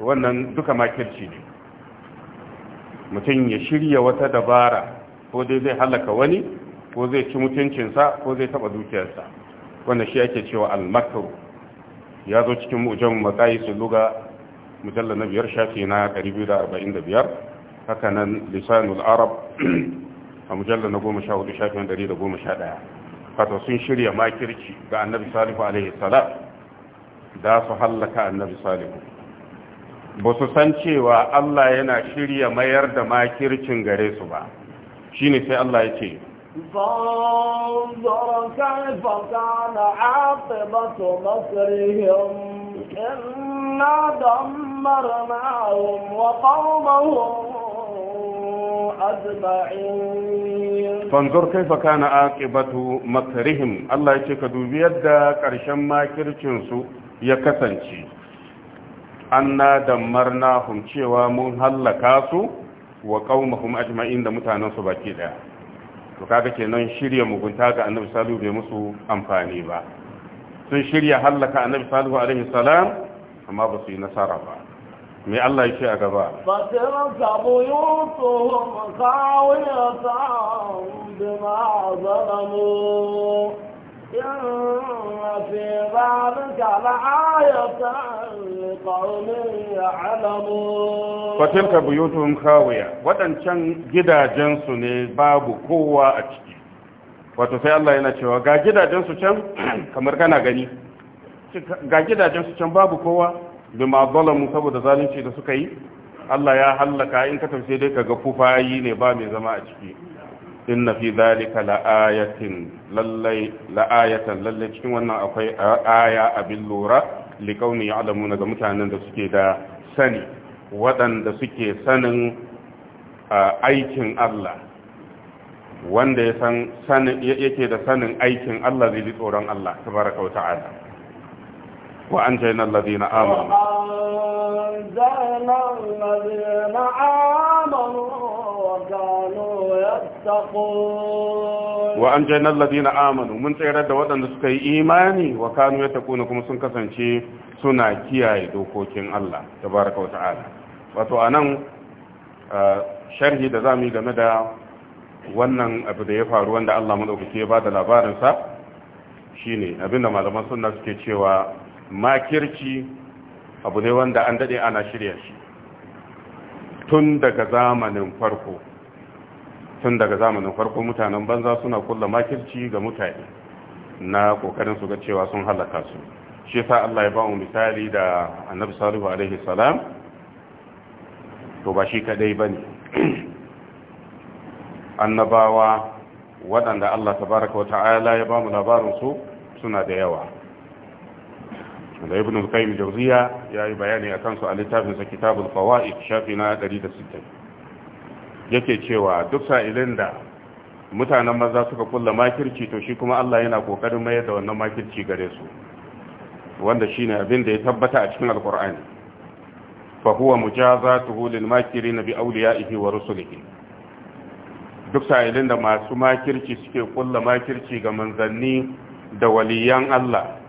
Speaker 1: wannan duka makirci ne mutum ya shirya wata dabara ko dai zai halaka wani ko zai ci mutuncinsa ko zai taba dukiyarsa wannan shi ake cewa al-makru ya zo cikin mujamu su luga. Mujalla na biyar shafi na 245 haka nan lisanul arab a mujalla na goma sha hudu shafi na 111 fata sun shirya makirci ga annabi salihu alaihi salam da su hallaka annabi salihu ba su san cewa allah yana shirya mayar da makircin gare su ba shine sai allah ya ce
Speaker 2: فانظر كيف كان عاقبة مصرهم إنا دمنا دمر معهم وقومهم أجمعين
Speaker 1: فانظر كيف كان عاقبة مكرهم الله يشك دوبي يدى كرشم ما كرشنسو يكسنشي أنا دمرناهم شوى من هلكاسو وقومهم أجمعين دا متانسو باكيدا to kaga kenan shirya mugunta ga annabi salihu bai musu amfani ba sun shirya hallaka annabi salihu alaihi salam amma ba su yi nasara ba mai Allah yake a gaba
Speaker 2: fatirka ka khawiyatan bima zalamu inna
Speaker 1: gidajen su ne babu kowa a ciki wato sai Allah yana cewa ga gidajen su can kamar kana gani ga gidajen su can babu kowa bima zalamu saboda zalunci da suka yi Allah ya hallaka in ka tafsir dai kaga kufayi ne ba mai zama a ciki inna fi zalika laayatin lallai laayatan lallai cikin wannan akwai aya abin lura liqauni ya'lamuna ga mutanen da suke da sani waɗanda suke sanin aikin Allah wanda ya san yake da sanin aikin Allah zai tsoron Allah tabaraka wa ta'ala Ku an zainan wa an zainan ladina Amanu mun tsayar da waɗanda suka yi imani wa Kano ya taƙuni kuma sun kasance suna kiyaye dokokin Allah Ta'abu Wa ta'ada. Wato a sharhi da zamu mu yi game da wannan abu da ya faru wanda Allah mu fita ya ba da sa shine ne abinda malaman sunna suke cewa. makirci abu ne wanda an daɗe ana shirya shi tun daga zamanin farko tun daga zamanin farko mutanen banza suna kulla makirci ga mutane na kokarin su ga cewa sun halaka su shi sa Allah ya ba mu misali da Annabi Salihu alaihi salam to ba shi kadai bane annabawa waɗanda Allah baraka wa ta'ala ya ba mu labarin su suna da yawa da ibn al-qayyim jawziya yayi bayani akan su a littafin sa kitabul fawaid shafi na 160 yake cewa duk sa'ilin da mutanen maza suka kulla makirci to shi kuma Allah yana kokarin mayar da wannan makirci gare su wanda shine abin da ya tabbata a cikin alqur'ani fa huwa mujazatuhu lil makirin bi awliya'ihi wa rusulihi duk sa'ilin da masu makirci suke kulla makirci ga manzanni da waliyan Allah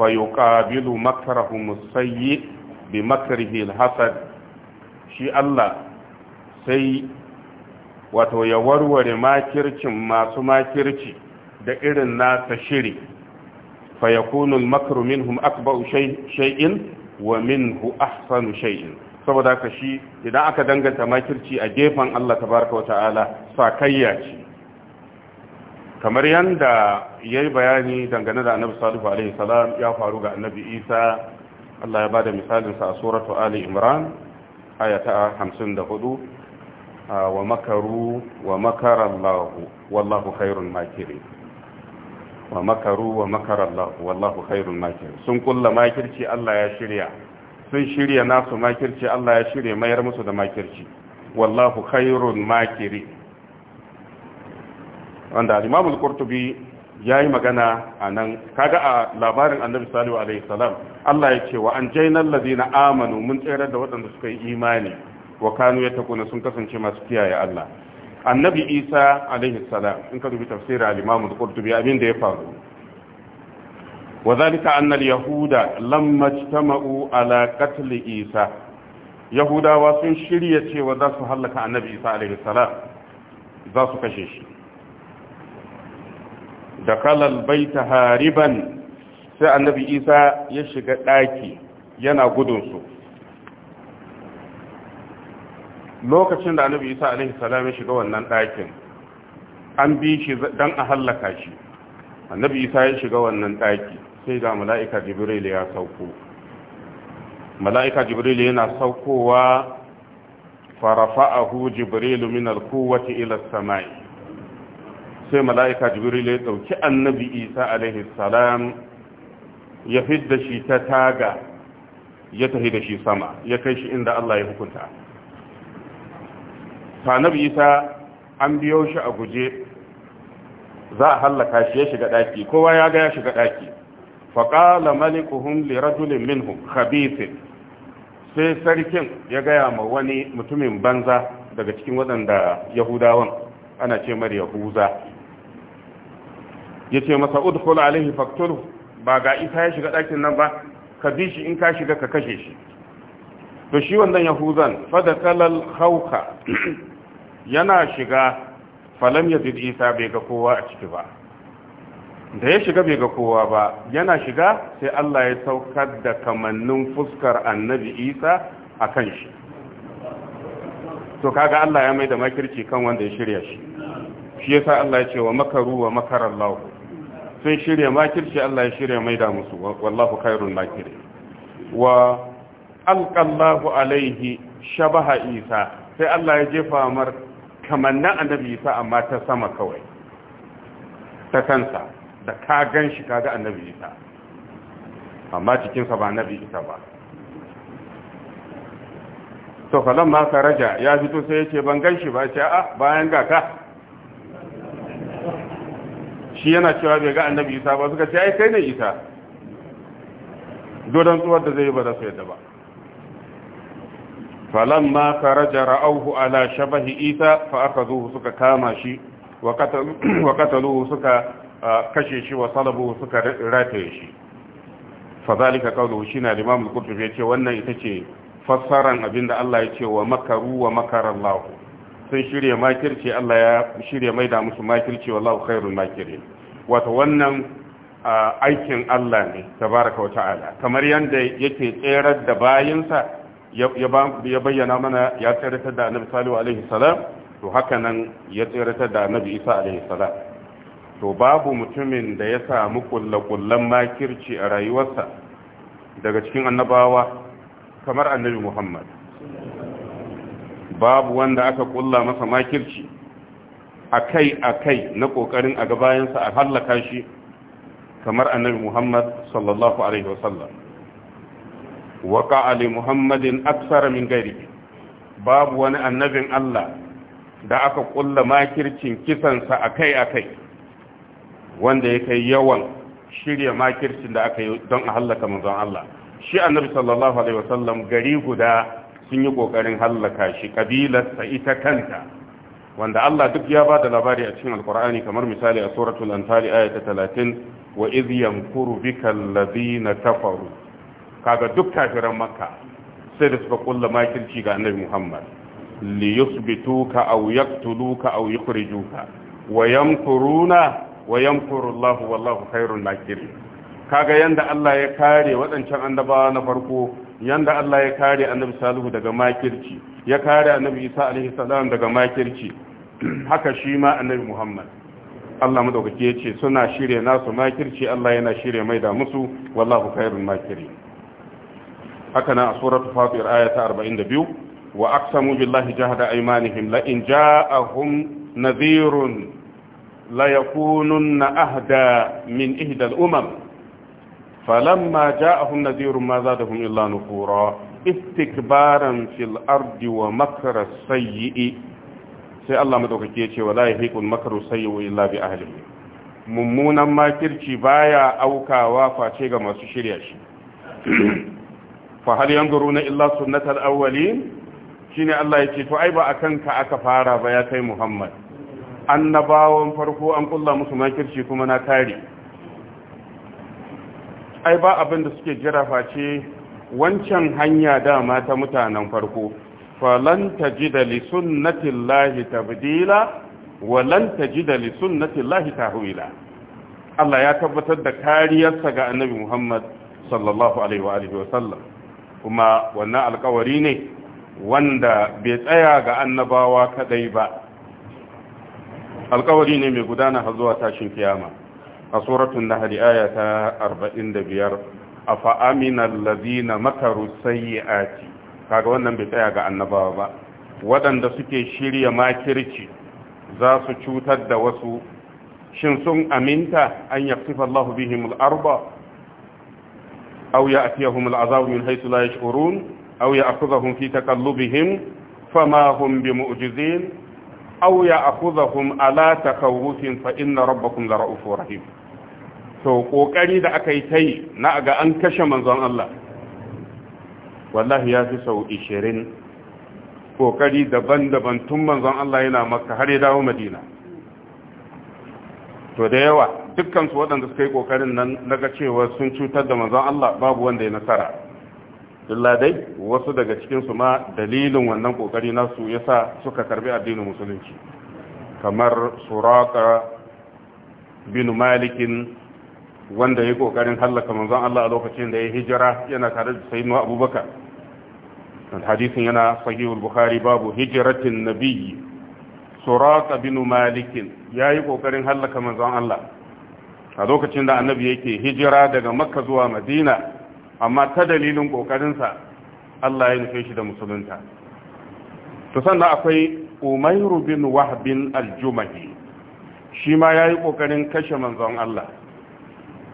Speaker 1: فيقابل مكرهم السيء بمكره الحسد شي الله سي wato ya warware makircin masu makirci da irin nasa shiri fa ya al makaru minhum akba'u shay'in wa minhu ahsanu shay'in saboda haka shi idan aka danganta makirci a gefen Allah tabaraka wa ta'ala sakayya ce kamar yanda ya yi bayani dangane da annabi salihu alaihi salam ya faru ga annabi isa allah ya ba da misalinsa a suratu ali imran ayata hamsin da hudu ah, wa makaru wa allah wallahu khairun makiri wa makaru wa allah wallahu khairun makiri sun kulla makirci allah ya shirya sun shirya nasu makirci allah ya shirya mayar musu da makirci wallahu khairun makiri wanda al-imamul qurtubi yayi magana anan kaga a labarin annabi salihu alaihi salam Allah ya ce wa anjaynal ladina amanu mun tsere da waɗanda suka yi imani wa kanu yatakuna sun kasance masu kiyaye Allah annabi isa alaihi salam in ka dubi tafsirin al-imamul qurtubi abin da ya faru وذلك أن اليهود لما اجتمعوا على قتل إيسى يهودا واسن شرية وذا سهلك عن النبي إيسى عليه السلام ذا سكشيش da kalal ta hariban sai annabi isa ya shiga ɗaki yana gudunsu lokacin da annabi isa alaihi salam ya shiga wannan ɗakin an bi shi don a hallaka shi annabi isa ya shiga wannan ɗaki sai ga mala'ika jibril ya sauko mala'ika jibril yana saukowa farafa'ahu jibril min alkuwati ila samai sai mala'ika jibril ya ɗauki annabi isa alaihi salam ya fidda shi ta taga ya tafi da shi sama ya kai shi inda Allah ya hukunta annabi isa an biyo shi a guje za a hallaka shi ya shiga daki kowa ya ga ya shiga daki faƙala malikuhum li rajulin minhum khabithin sai sarkin ya gaya ma wani mutumin banza daga cikin waɗanda yahudawan ana ce mar yahuza ya ce masa udkhul alaihi faqtulu ba ga isa ya shiga ɗakin nan ba ka bi shi in ka shiga ka kashe shi to shi wannan yahuzan fada kalal hauka yana shiga falam ya isa bai ga kowa a ciki ba da ya shiga bai ga kowa ba yana shiga sai Allah ya saukar da kamannin fuskar annabi isa a kan shi to kaga Allah ya mai da makirci kan wanda ya shirya shi shi yasa Allah ya ce wa makaru wa makarar sun shirya makirci Allah ya shirya mai da musu wallahu khairul makiri wa alqallahu alaihi shabaha isa sai Allah ya jefa mar kamannin annabi isa amma ta sama kawai ta kansa da ka ganshi kaga annabi isa amma cikinsa ba annabi isa ba to falan ma ka raja ya fito sai ya ce ban ganshi ba ce a ah, bayan ga ka shi yana cewa bai ga annabi isa ba suka ce ai kai ne isa dodon tsuwar da zai yi ba za su yadda ba falon ma faraja ra'auhu ala shabahi isa fa aka zuhu suka kama shi wa kataluhu suka kashe shi wa salabu suka rataye shi fa zalika kawo shi na limamun kutub ya ce wannan ita ce fassaran abinda Allah ya ce wa makaru wa makarar sun shirya makirci Allah ya shirya mai da musu makirci wallahu khairul makirin wato wannan aikin Allah ne tabaraka wata'ala kamar yanda yake tsere da bayinsa ya bayyana mana ya tsere da annabi salihu alaihi salam to haka nan ya tsere da annabi isa alaihi salam to babu mutumin da ya samu kullakullan makirci a rayuwarsa daga cikin annabawa kamar annabi muhammad babu wanda aka kulla masa makirci akai-akai na ƙoƙarin a gabayansa a hallaka shi kamar annabi Muhammad sallallahu alaihi wasallam waka ali Muhammadin aksara min gari babu wani annabin Allah da aka kulla makircin kisansa akai-akai wanda ya kai yawan shirya makircin da aka yi don a hallaka manzon Allah shi annabi sallallahu alaihi wasallam gari guda sun yi ƙoƙarin hallaka shi kabilarsa ita kanta wanda Allah duk ya ba da labari a cikin alkur'ani kamar misali a suratul anfali ayata 30 wa idh yamkuru bikal ladina kafaru kaga duk kafiran makka sai da suka kulla makilci ga annabi muhammad li ka aw ka aw yukhrijuka wa yamkuruna wa yamkuru Allah wallahu khairul makirin kaga yanda Allah ya kare waɗancan annabawa na farko yanda Allah ya kare annabi salihu daga makirci ya kare annabi isa alaihi salam daga makirci haka shi ma annabi muhammad Allah madaukake ya ce suna shirye nasu makirci Allah yana shirye mai da musu wallahu khairul makiri haka na a suratu fatir aya ta 42 wa aqsamu billahi jahada aymanihim la in ja'ahum nadhirun la yakununna ahda min ihdal umam falamma ja'ahum nadhirun ma zadahum illa nufura istikbaran fil ardi wa makra sayyi sai Allah madaukake ya ce wala yahiqul makru sayyi illa bi ahlihi mummunan makirci baya aukawa face ga masu shirya shi fa hal yanzuruna illa sunnatal awwalin shine Allah yace to ai ba akan ka aka fara ba ya kai Muhammad annabawan farko an kulla musu makirci kuma na kare ai ba abin da suke jira face wancan hanya dama ta mutanen farko falan tajida li sunnatillahi tabdila wa tajida li sunnatillahi tahwila Allah ya tabbatar da kariyarsa ga Annabi Muhammad sallallahu alaihi wa alihi wa sallam kuma wannan alƙawari ne wanda bai tsaya ga annabawa kadai ba alkawari ne mai gudana har zuwa tashin kiyama a suratun nahl aya ta 45 afa amina lazina makaru sayyiati kaga wannan bai tsaya ga annabawa ba waɗanda suke shirya makirci za su cutar da wasu shin sun aminta an yaksifa Allahu bihim al-arba aw ya'tiyahum al-azab min haythu la yash'urun aw ya'khudhahum fi taqallubihim fama hum bimu'jizin aw ya'khudhahum ala takawufin fa inna Rabba la ra'ufur rahim to kokari da aka yi tai na ga an kashe manzon Allah wallahi ya fi sau 20 kokari daban-daban tun manzon Allah yana maka har ya dawo madina to da yawa dukkan waɗanda suka yi kokarin nan daga cewa sun cutar da manzon Allah babu wanda ya nasara illa dai wasu daga cikin su ma dalilin wannan kokari nasu yasa suka karbi addinin musulunci kamar suraka bin malikin wanda ya kokarin hallaka manzon Allah a lokacin da ya hijira yana tare da sayyidina Abubakar hadisin yana al bukhari babu hijratin nabiyyi suraka bin malik yayi kokarin hallaka manzon Allah a lokacin da annabi yake hijira daga makka zuwa madina amma ta dalilin kokarinsa Allah ya nufe shi da musulunta to sannan akwai umairu bin wahbin aljumahi shi ma yayi kokarin kashe manzon Allah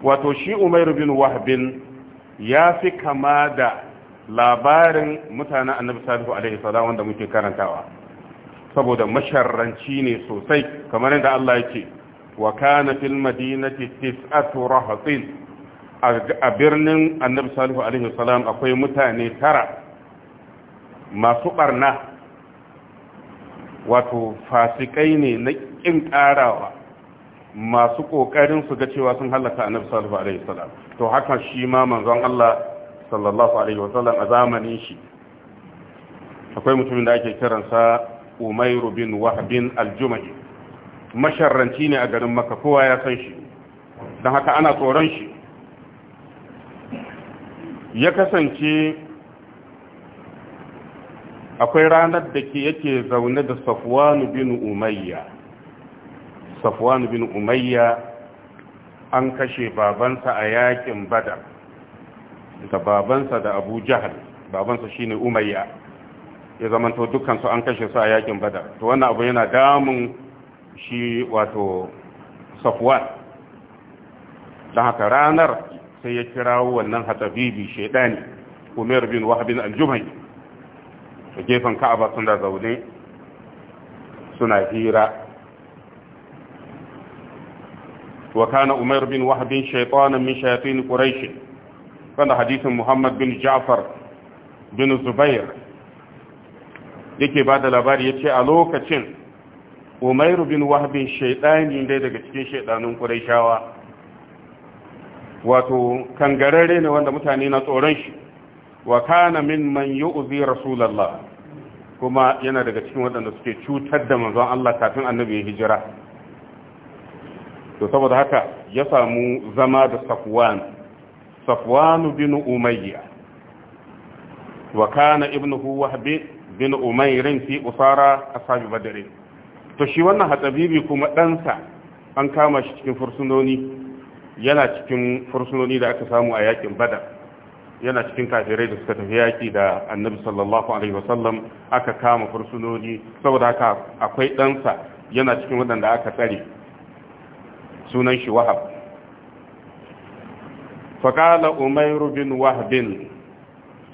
Speaker 1: wato shi umairu bin wahbin ya fi kama da labarin mutanen annabi salihu alaihi sada wanda muke karantawa saboda masharranci ne sosai kamar yadda Allah yake wa kana fil madinati tis'atu rahatin a birnin annabi salihu alaihi salam akwai mutane tara masu barna wato fasikai ne na kin karawa masu kokarin su ga cewa sun halaka annabi sallallahu alaihi wasallam to haka shi ma manzon Allah sallallahu alaihi wasallam a zamanin shi akwai mutumin da ake kiransa Umairu bin Wahb bin masharranci ne a garin Makka kowa ya san shi dan haka ana tsoron shi ya kasance akwai ranar da ke yake zaune da Safwan bin Umayya safwan bin umayya an kashe babansa a yakin badar da babansa da abu jahal babansa shine umayya ya zamanto dukansu an kashe su a yakin badar to wannan abu yana damun shi wato safwan don haka ranar sai ya kirawo wannan hatabibi shaidani umar bin wahabin aljumai a gefen ka'aba suna zaune suna hira وكان عمر بن وهب شيطانا من شياطين قريش كان حديث محمد بن جعفر بن الزبير yake ba da labari ya ce a lokacin umairu bin wahabin shaidani ne daga cikin shaidanun ƙuraishawa wato kangararre ne wanda mutane na tsoron shi wa kana min man yu'zi rasulullah kuma yana daga cikin waɗanda suke cutar da manzon Allah kafin annabi ya hijira to saboda haka ya samu zama da safwan safwan bin umayya wa kana ibnuhu wahbi bin umayr fi usara ashabi badr to shi wannan hatabibi kuma ɗansa an kama shi cikin fursunoni yana cikin fursunoni da aka samu a yakin badar yana cikin kafirai da suka tafi yaki da annabi sallallahu alaihi wasallam aka kama fursunoni saboda haka akwai ɗansa yana cikin waɗanda aka tsare sunan shi wahab faƙala umairu bin wahabin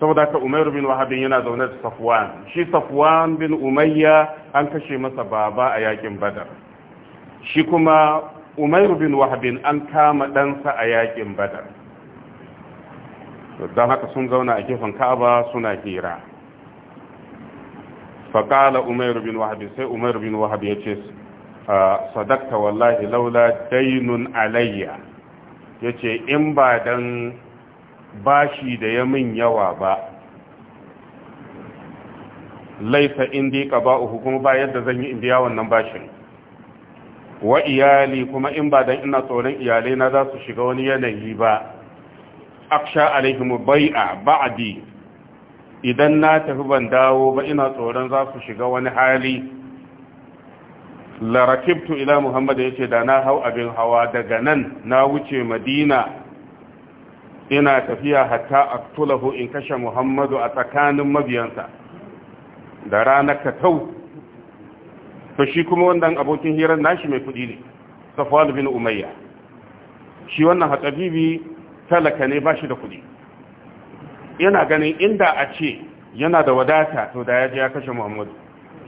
Speaker 1: saboda ka umairu bin wahabin yana zaune da safwan shi safwan bin umayya an kashe masa baba a yakin badar shi kuma umairu bin wahabin an kama ɗansa a yakin badar don haka sun zauna a gefen ka'aba suna hira faƙala umairu bin wahabin sai umairu bin wahabin ya ce sadakta wallahi laula dainun alayya yace in ba dan bashi da ya min yawa ba laisa indi qaba'uhu kuma ba yadda zan yi indiya wannan bashin wa iyali kuma in ba dan ina tsoron iyalai na za su shiga wani yanayi ba aksha alaihim bai'a ba'di idan na tafi ban dawo ba ina tsoron za su shiga wani hali larakibtu ila muhammad ya ce da na hau abin hawa daga nan na wuce madina ina tafiya hatta aktulahu in kashe muhammadu a tsakanin mabiyansa da ranar katau to shi kuma wannan abokin hirar nashi mai kudi ne safwal bin umayya shi wannan hatsabibi talaka ne bashi da kudi yana ganin inda a ce yana da wadata to da ya je ya kashe muhammadu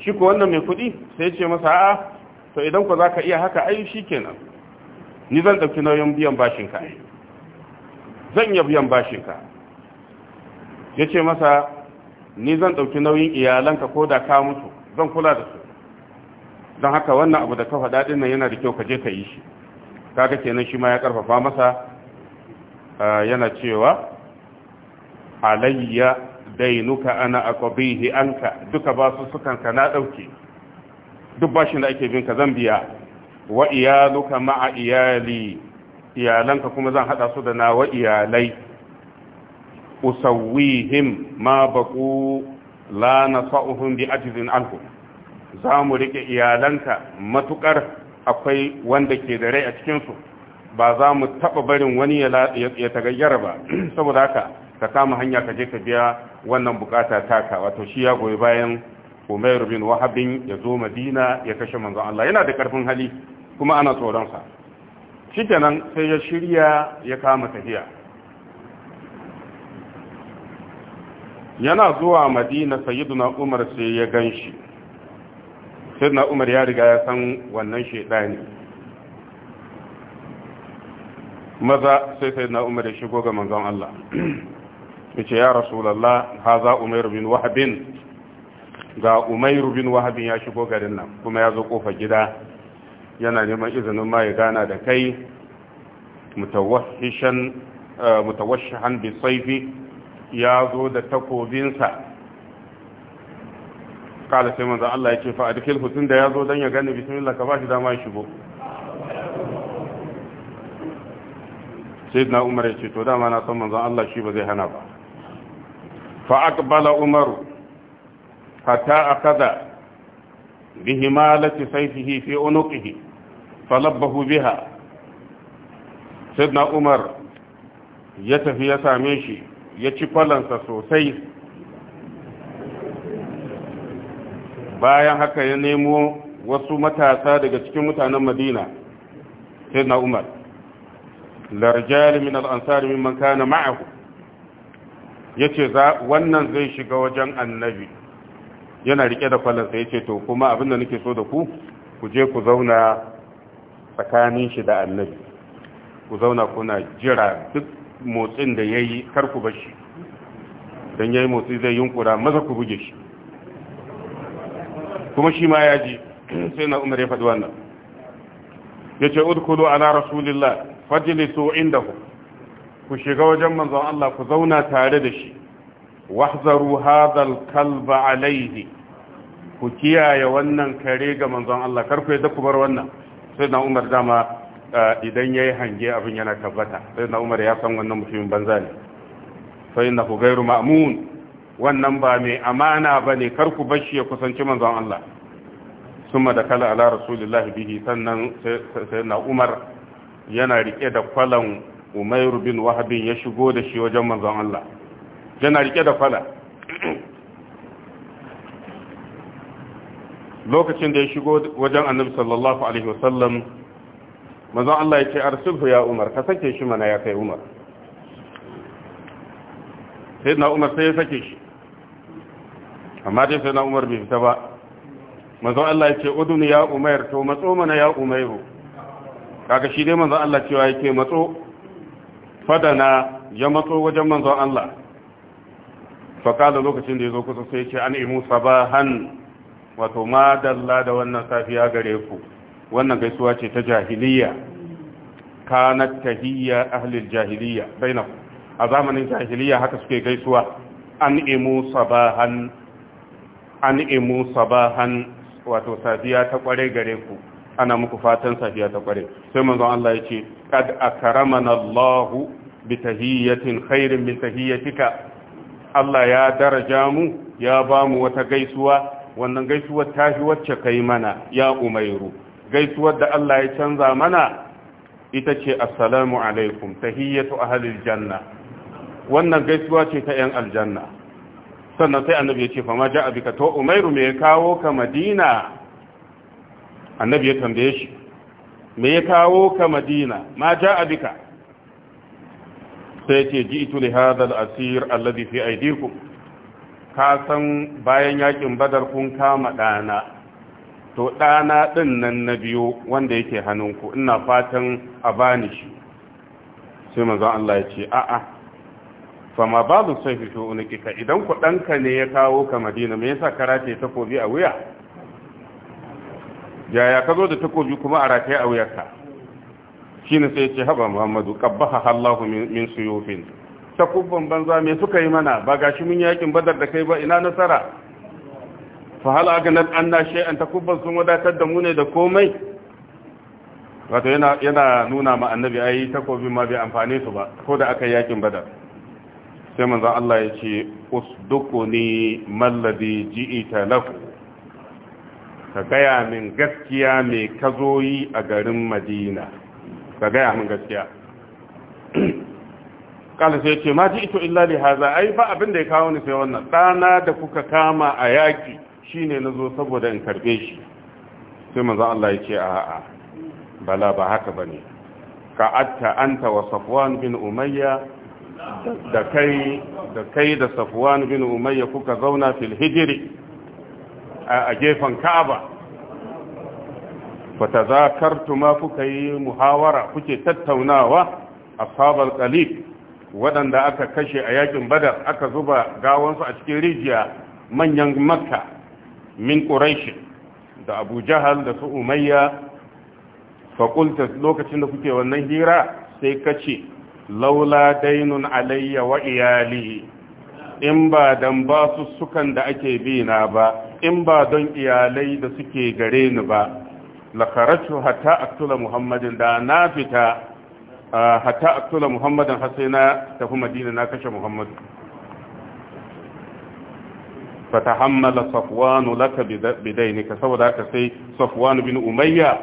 Speaker 1: shi ko wannan mai kudi sai ce masa a to idan ku za ka iya haka ai shi kenan ni zan ɗauki nauyin biyan bashinka zan iya biyan bashinka ya ce masa ni zan ɗauki nauyin iyalanka ko da ka mutu zan kula da su don haka wannan abu da ka faɗa ɗin nan yana da kyau ka je ka yi shi kaga kenan shi ma ya ƙarfafa masa yana cewa alayya dainuka ana aqabihi anka duka basu sukan ka na ɗauke duk bashin da ake bin ka zan biya wa iyaluka ma'a iyali iyalanka kuma zan hada su da na wa iyalai usawwihim ma baqu la bi ajzin anhu za mu rike iyalanka matukar akwai wanda ke da rai a cikin su ba za mu taba barin wani ya tagayyara ba saboda haka ka kama hanya ka je ka biya wannan bukata taka wato shi ya goyi bayan umair bin wahabin ya zo madina ya kashe manzon Allah yana da karfin hali kuma ana tsoron sa shikenan sai ya shirya ya kama tafiya yana zuwa madina sayyiduna umar sai ya ganshi sayyiduna umar ya riga ya san wannan shedani maza sai sayyiduna umar ya shigo ga manzon Allah yace ya rasulullah haza umair bin wahabin ga umairu bin wahabin ya shigo garin nan kuma ya zo kofa gida yana neman izinin ma ya gana da kai eh, mutawashihan bi saifi ya zo da takobinsa kala sai manzan Allah ya ce fa hutun da ya zo don ya gani bismillah ka ba shi dama ya shigo sai na umar ya ce to dama na san manzan Allah shi ba zai hana ba fa akbala umaru hatta akaza bihimalati saifihi fi unuqihi falabbahu biha sidna umar ya tafi ya same shi ya ci kwalansa sosai bayan haka ya nemo wasu matasa daga cikin mutanen madina sidna umar larjali min al'ansari min man kana ma'ahu ya ce wannan zai shiga wajen annabi yana rike da kwallonsa ya ce to kuma abin da nake so da ku ku je ku zauna tsakanin shi da annabi ku zauna kuna jira duk motsin da ya yi karku ba shi don ya yi motsi zai yunkura maza ku buge shi kuma shi ma ya ji sai na umar ya faɗi wannan ya ce udkulu ala rasulillah fajilisu indahu ku shiga wajen manzon Allah ku zauna tare da shi wahzaru hadal kalba alaihi ku kiyaye wannan kare ga manzon Allah karku yadda ku bar wannan sai na Umar dama eh, idan yayi hange abin yana tabbata sai na Umar ya san wannan mutumin banza ne fa innahu ghairu ma'mun wannan ba mai amana bane karku bashi ya kusanci manzon Allah summa da kala ala rasulillahi bihi sannan sai na Umar yana rike da kwalan Umairu bin Wahab ya shigo da shi wajen manzon Allah yana rike da fana lokacin da ya shigo wajen annabi sallallahu alaihi wasallam manzon Allah ya ce arsilhu ya Umar ka sake shi mana ya kai Umar sai na Umar sai ya sake shi amma dai sai na Umar bai fita ba manzon Allah ya ce udun ya Umar to matso mana ya Umairu kaga shi dai manzon Allah cewa yake matso fadana ya matso wajen manzon Allah faƙala lokacin da ya zo kusa sai ce an imu sabahan wato ma dalla da wannan safiya gare ku wannan gaisuwa ce ta jahiliya kanat tahiyya ahlil jahiliya bainahu a zamanin jahiliya haka suke gaisuwa an imu sabahan an imu sabahan wato safiya ta kware gare ku ana muku fatan safiya ta kware sai manzon Allah ya ce kad akramana Allah bi tahiyyatin khairin min tahiyyatika Allah ya daraja mu ya ba mu wata gaisuwa wannan gaisuwar ta fi wacce kai mana ya umairu gaisuwar da Allah ya canza mana ita ce assalamu alaikum tahiyyatu ahlil janna wannan gaisuwa ce ta yan aljanna sannan sai annabi ya ce fa ma ja'a bika to umairu me ya kawo ka madina annabi ya tambaye shi me ya kawo ka madina ma ja'a bika sai ce ji li hadal al-asir alladhi fi aydikum ka san bayan yakin badar kun kama dana to dana din nan na biyo wanda yake hannunku ina fatan a bani shi sai manzon Allah ya ce a'a fama sai saifi to kika, idan ku danka ne ya kawo ka Madina me yasa ka rataye takobi a wuya yaya ka zo da takobi kuma a rataye a wuyarka shine sai ya ce haba muhammadu qabbaha Allahu min suyufin kubban banza me suka yi mana ba gashi mun yakin badar da kai ba ina nasara fa hal aganat anna shay'an kubban sun wadatar da mu ne da komai wato yana yana nuna ma annabi ai takobin ma bai amfane su ba ko da aka yakin badar sai manzo Allah ya ce usdukuni malladi ji'ita lahu ka gaya min gaskiya mai yi a garin madina ka gaya mun gaskiya kala sai ce ma ji ito illa li haza ai ba abin da ya kawo ni sai wannan dana da kuka kama a yaki shine nazo saboda in karbe shi sai manzo Allah ya ce a'a bala ba haka bane ka atta anta wa safwan bin umayya da kai da kai da safwan bin umayya kuka zauna fil hijri a gefen ka'aba fatazakartu ma kuka yi muhawara kuke tattaunawa ashabal qalib waɗanda aka kashe a yakin badar aka zuba gawansu a cikin rijiya manyan makka min quraish da abu jahal da su umayya fa lokacin da kuke wannan hira sai kace laula dainun alayya wa iyali in ba dan basu sukan da ake bina ba in ba don iyalai da suke gare ni ba lakaratu hatta aktula muhammadin da na fita hatta aktula muhammadin na tafi madina na kashe muhammadu fatahammala safwanu laka bidainika saboda haka sai safwanu bin umayya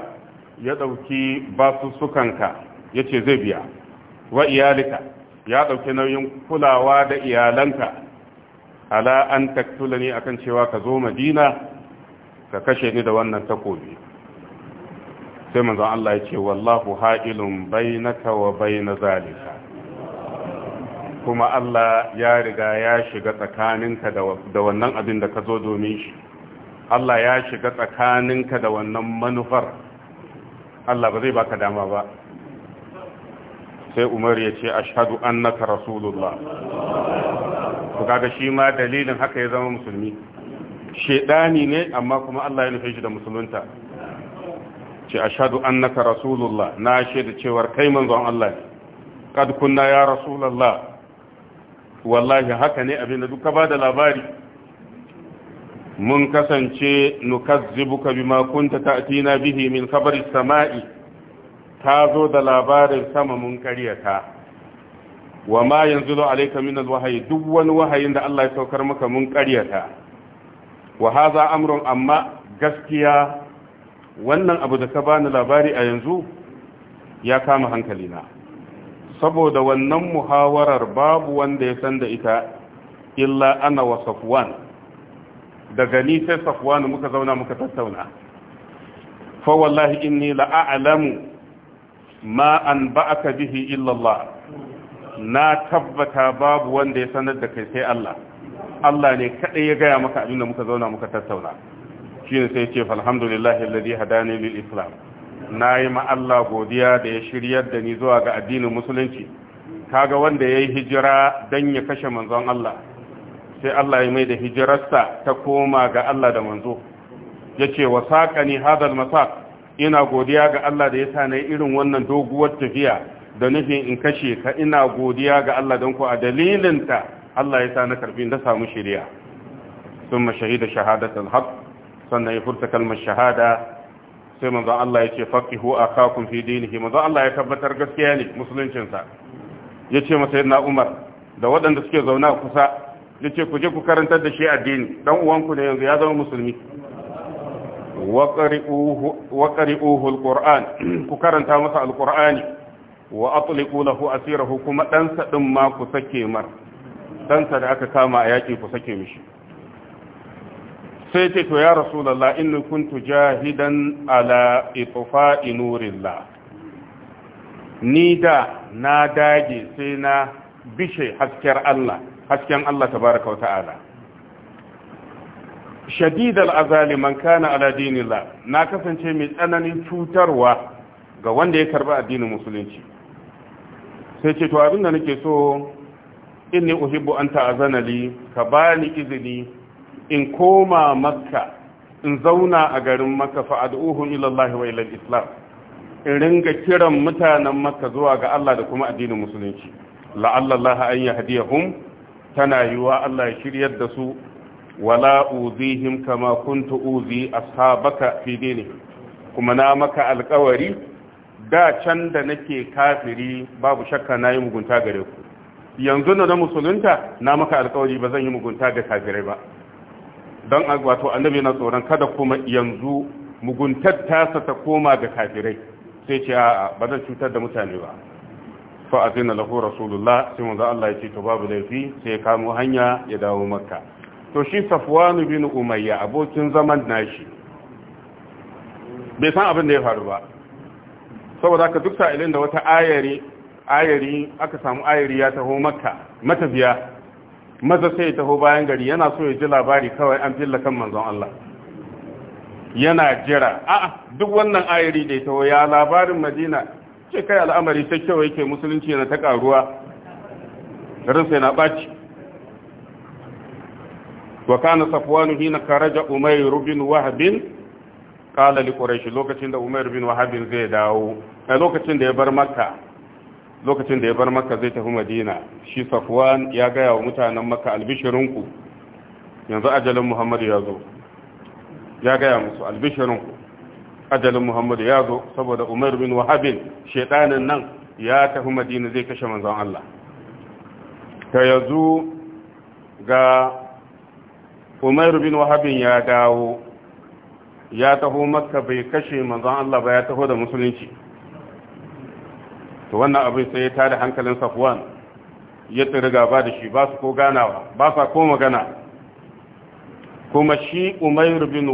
Speaker 1: ya dauki basussukanka yace zai biya wa iyalika ya dauki nauyin kulawa da iyalanka ala an taktulani akan cewa ka zo madina ka kashe ni da wannan takobi sai manzon Allah ya ce wallahu ha'ilun bainaka wa baina zalika kuma Allah ya riga ya shiga tsakaninka da wannan abin da ka zo domin shi Allah ya shiga tsakaninka da wannan manufar Allah ba zai baka dama ba sai Umar ya ce ashhadu annaka rasulullah to kaga shi ma dalilin haka ya zama musulmi shedani ne amma kuma Allah ya nufe shi da musulunta ce an annaka rasulullah na shaida cewar kai manzon Allah ne kad kunna ya rasulullah wallahi haka ne abinda duka ba da labari mun kasance nukazzibuka bima kunta ta'tina bihi min khabari samai ta zo da labarin sama mun karyata wa ma yanzulu alayka min alwahyi duk wani wahayin da Allah ya saukar maka mun karyata wa hadha amrun amma gaskiya wannan abu da ka bani labari a yanzu ya kama hankalina saboda wannan muhawarar babu wanda ya san da ita illa ana wa safwan daga ni sai safwan muka zauna muka tattauna fa wallahi inni la'alamu ma an ba'aka bihi illa Allah na tabbata babu wanda ya sanar da kai sai Allah Allah ne kadai ya gaya maka abin da muka zauna muka tattauna shine sai ce alhamdulillahi alladhi hadani lil islam nayi ma Allah godiya da ya shiryar da ni zuwa ga addinin musulunci kaga wanda yayi hijira dan ya kashe manzon Allah sai Allah ya mai da hijirarsa ta koma ga Allah da manzo yace wasaqani hadal masaq ina godiya ga Allah da ya sa yi irin wannan doguwar tafiya da nufin in kashe ka ina godiya ga Allah don ku a dalilinta Allah ya sa na karfi na samu shiriya ثم شهد شهادة الحق sannan ya furta kalmar shahada sai manzon Allah ya ce faqihu akakum fi dinihi manzon Allah ya tabbatar gaskiya ne musuluncinsa ya ce masa yana Umar da waɗanda suke zauna kusa ya ce ku je ku karantar da shi addini dan uwanku ne yanzu ya zama musulmi wa qari'uhu alquran ku karanta masa alqur'ani wa atliqu lahu asirahu kuma dan sa ma ku sake mar dan sa da aka kama a yaki ku sake mishi sai ce to ya rasulullah inni kuntu jahidan ala itfa'i nurillah ni da na dage sai na bishe hasken Allah hasken Allah tabaraka wa ta'ala shadid al'azali man kana ala dinillah na kasance mai tsananin cutarwa ga wanda ya karba addinin musulunci sai ce to abinda nake so inni uhibbu anta ta'azana li ka bani izini in koma makka in zauna a garin makka fa'ad'uhum ila Allah wa ila islam in ringa kiran mutanen makka zuwa ga Allah da kuma addinin musulunci La'allallahu Allah an yahdihum tana yiwa Allah ya shiryar da su wala uzihim kama kuntu uzi ashabaka fi kuma na maka alkawari da can da nake kafiri babu shakka nayi yi mugunta gare ku yanzu na musulunta na maka alkawari ba zan yi mugunta ga kafirai ba don wato annabi na tsoron kada kuma yanzu muguntar tasa ta koma ga kafirai sai ce a ba zan cutar da mutane ba fa azina lahu rasulullah sai manzo Allah ya ce to babu laifi sai ya kamo hanya ya dawo makka to shi safwan bin umayya abokin zaman nashi bai san abin da ya faru ba saboda haka duk sa'ilin da wata ayari ayari aka samu ayari ya taho makka matafiya maza sai ya taho bayan gari yana so ya ji labari kawai an filla kan manzon Allah yana jira a'a duk wannan ayari da ya taho ya labarin madina ce kai al'amari ta kyau yake musulunci yana ta karuwa garin sai na baci wa kana safwanu hina karaja umayr bin wahb qala li quraish lokacin da umayr bin wahb zai dawo a lokacin da ya bar makka lokacin da ya bar maka zai tafi madina shi safwan ya gaya wa mutanen maka albishirinku yanzu ajalin muhammadu ya zo ya gaya musu albishirinku ajalin muhammadu ya zo saboda umar bin wahabin shaidanin nan ya tafi madina zai kashe manzon Allah ta yanzu ga umar bin wahabin ya dawo ya taho makka bai kashe manzon Allah ba ya taho da musulunci to wannan abin sai ya tada hankalin safwan ya tsiri gaba da shi ba su ko ganawa ba sa ko magana kuma shi umairu bin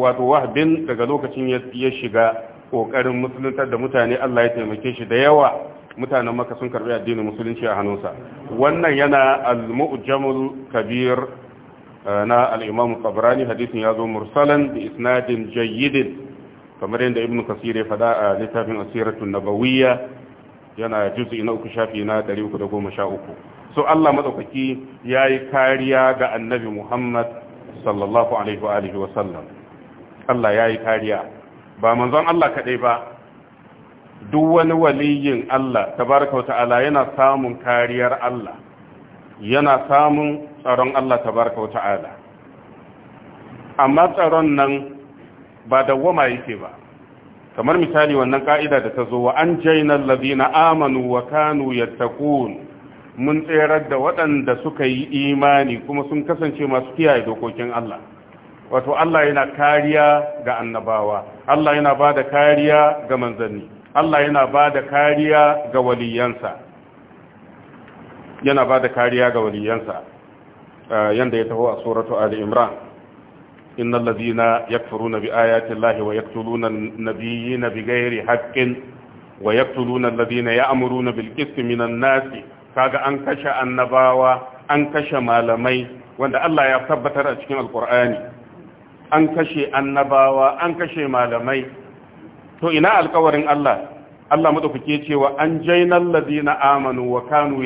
Speaker 1: wato wahbin daga lokacin ya shiga kokarin musuluntar da mutane Allah ya taimake shi da yawa mutanen maka sun karbi addinin musulunci a hannunsa wannan yana al-mu'jamul kabir eh, na al-imam qabrani hadisin ya zo mursalan bi isnadin jayyidin kamar yadda ibnu kasir ya fada a littafin asiratun nabawiyya yana juzu na uku shafi na uku, so Allah ya yayi kariya ga annabi Muhammad sallallahu alaihi wa alihi wa sallam Allah yayi kariya ba manzon Allah kaɗai ba duk wani waliyin Allah tabaraka ta'ala, yana samun kariyar Allah yana samun tsaron Allah tabaraka ta'ala, amma tsaron nan ba dawwama yake ba kamar misali wannan ka'ida da ta zo wa an jainal ladina amanu wa kanu yattaqun mun tserar da waɗanda suka yi imani kuma sun kasance masu kiyaye dokokin Allah wato Allah yana kariya ga annabawa Allah yana ba kariya ga manzanni Allah yana bada kariya ga waliyansa yana ba kariya ga waliyansa eh, yanda ya taho a suratu Ali Imran إن الذين يكفرون بآيات الله ويقتلون النبيين بغير حق ويقتلون الذين يأمرون بالقسط من الناس kaga an kashe annabawa an kashe malamai wanda Allah ya tabbatar a cikin alkur'ani an kashe annabawa an kashe malamai to ina alkawarin Allah Allah madaukake cewa an amanu wa kanu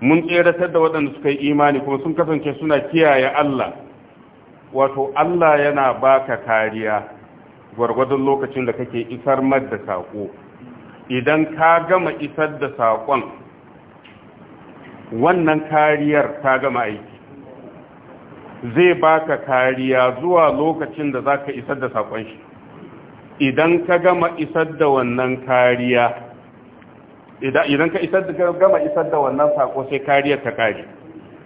Speaker 1: mun tseratar da waɗanda suka yi imani kuma sun kasance suna kiyaye Allah wato Allah yana baka kariya gwargwadon lokacin da kake isar da saƙo idan ka gama isar da saƙon wannan kariyar ta gama aiki zai baka kariya zuwa lokacin da za ka isar da saƙon shi idan ka gama isar da wannan kariya idan ka gama isar da wannan saƙo sai kariyar ta kare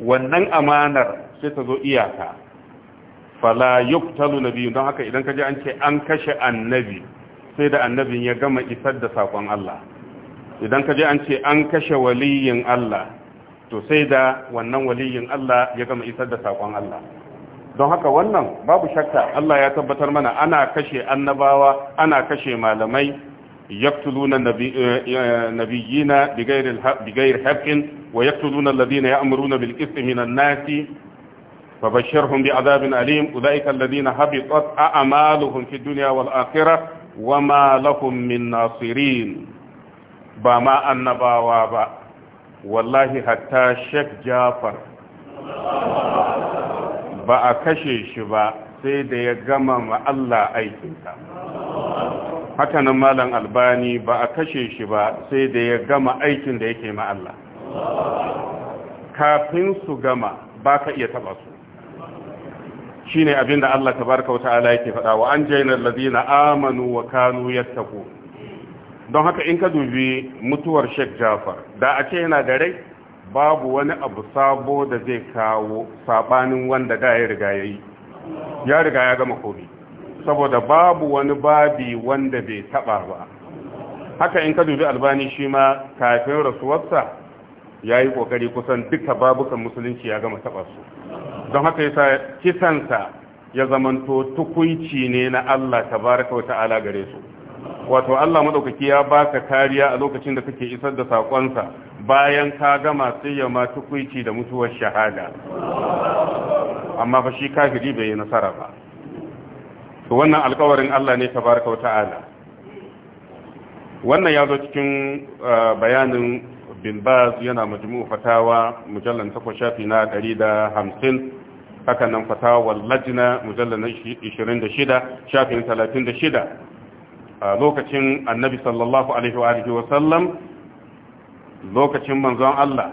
Speaker 1: wannan amanar sai ta zo iyaka fala na biyu don haka idan kaji an ce an kashe annabi sai da annabin ya gama isar da saƙon Allah idan kaji an ce an kashe waliyin Allah to sai da wannan waliyin Allah ya gama isar da sakon Allah don haka wannan babu shakka Allah ya tabbatar mana ana kashe annabawa ana kashe malamai yaktuluna nabiyina eh, eh, bighayri haqqin wa yaktuluna alladhina ya'muruna bil qisti minan nasi فبشرهم بعذاب أليم أولئك الذين هبطت أعمالهم في الدنيا والآخرة وما لهم من ناصرين بما النباوة با والله حتى شك جافر ba a kashe shi ba sai da ya gama ma Allah aikinsa hakanan malam albani ba a kashe shi ba sai da ya gama aikin da yake ma Allah kafin su gama ba ka iya taba su shine abin da Allah tabaraka wa ta'ala yake faɗa wa an jaina allazina amanu wa kanu yattaku don haka in ka dubi mutuwar Sheikh Jafar da a ce yana da rai babu wani abu sabo da zai kawo sabanin wanda da ya riga yayi ya riga ya gama komai saboda babu wani babi wanda bai taba ba haka in ka dubi albani shi ma kafin rasuwarsa yayi kokari kusan duka babukan musulunci ya gama taba su don haka yasa kisansa ya zamanto tukunci ne na Allah tabaraka wata'ala gare su wato Allah madaukaki ya baka kariya a lokacin da kake isar da sakonsa bayan ka gama sai tukunci da mutuwar shahada amma fa shi kafiri bai yi nasara ba to wannan alƙawarin Allah ne tabaraka wata'ala wannan ya zo cikin uh, bayanin bin baz yana majmu'u fatawa mujallar 8 shafi na 150 haka nan fatawar lajina mujallar 26 shafin 36 a lokacin annabi sallallahu alaihi wa sallam lokacin manzon Allah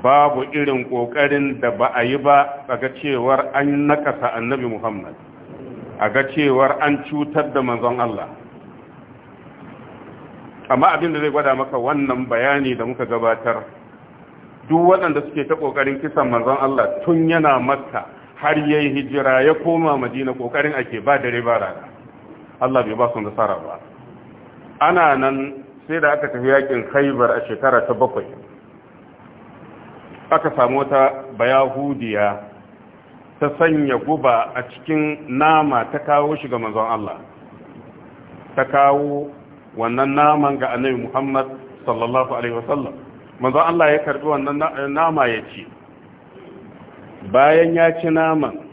Speaker 1: babu irin ƙoƙarin da ba a yi ba a ga cewar an nakasa annabi Muhammad a ga cewar an cutar da manzon Allah amma abin da zai gwada maka wannan bayani da muka gabatar duk waɗanda suke ta ƙoƙarin kisan manzon Allah tun yana makka har ya yi hijira ya koma madina ƙoƙarin ake ba dare ba rana Allah bai ba su nasara ba ana nan sai da aka tafi yakin khaybar a shekara ta bakwai aka samu wata bayahudiya ta sanya guba a cikin nama ta kawo shi ga manzon Allah ta kawo wannan naman ga annabi Muhammad sallallahu alaihi wasallam manzo Allah ya karbi wannan nama ya ci bayan ya ci naman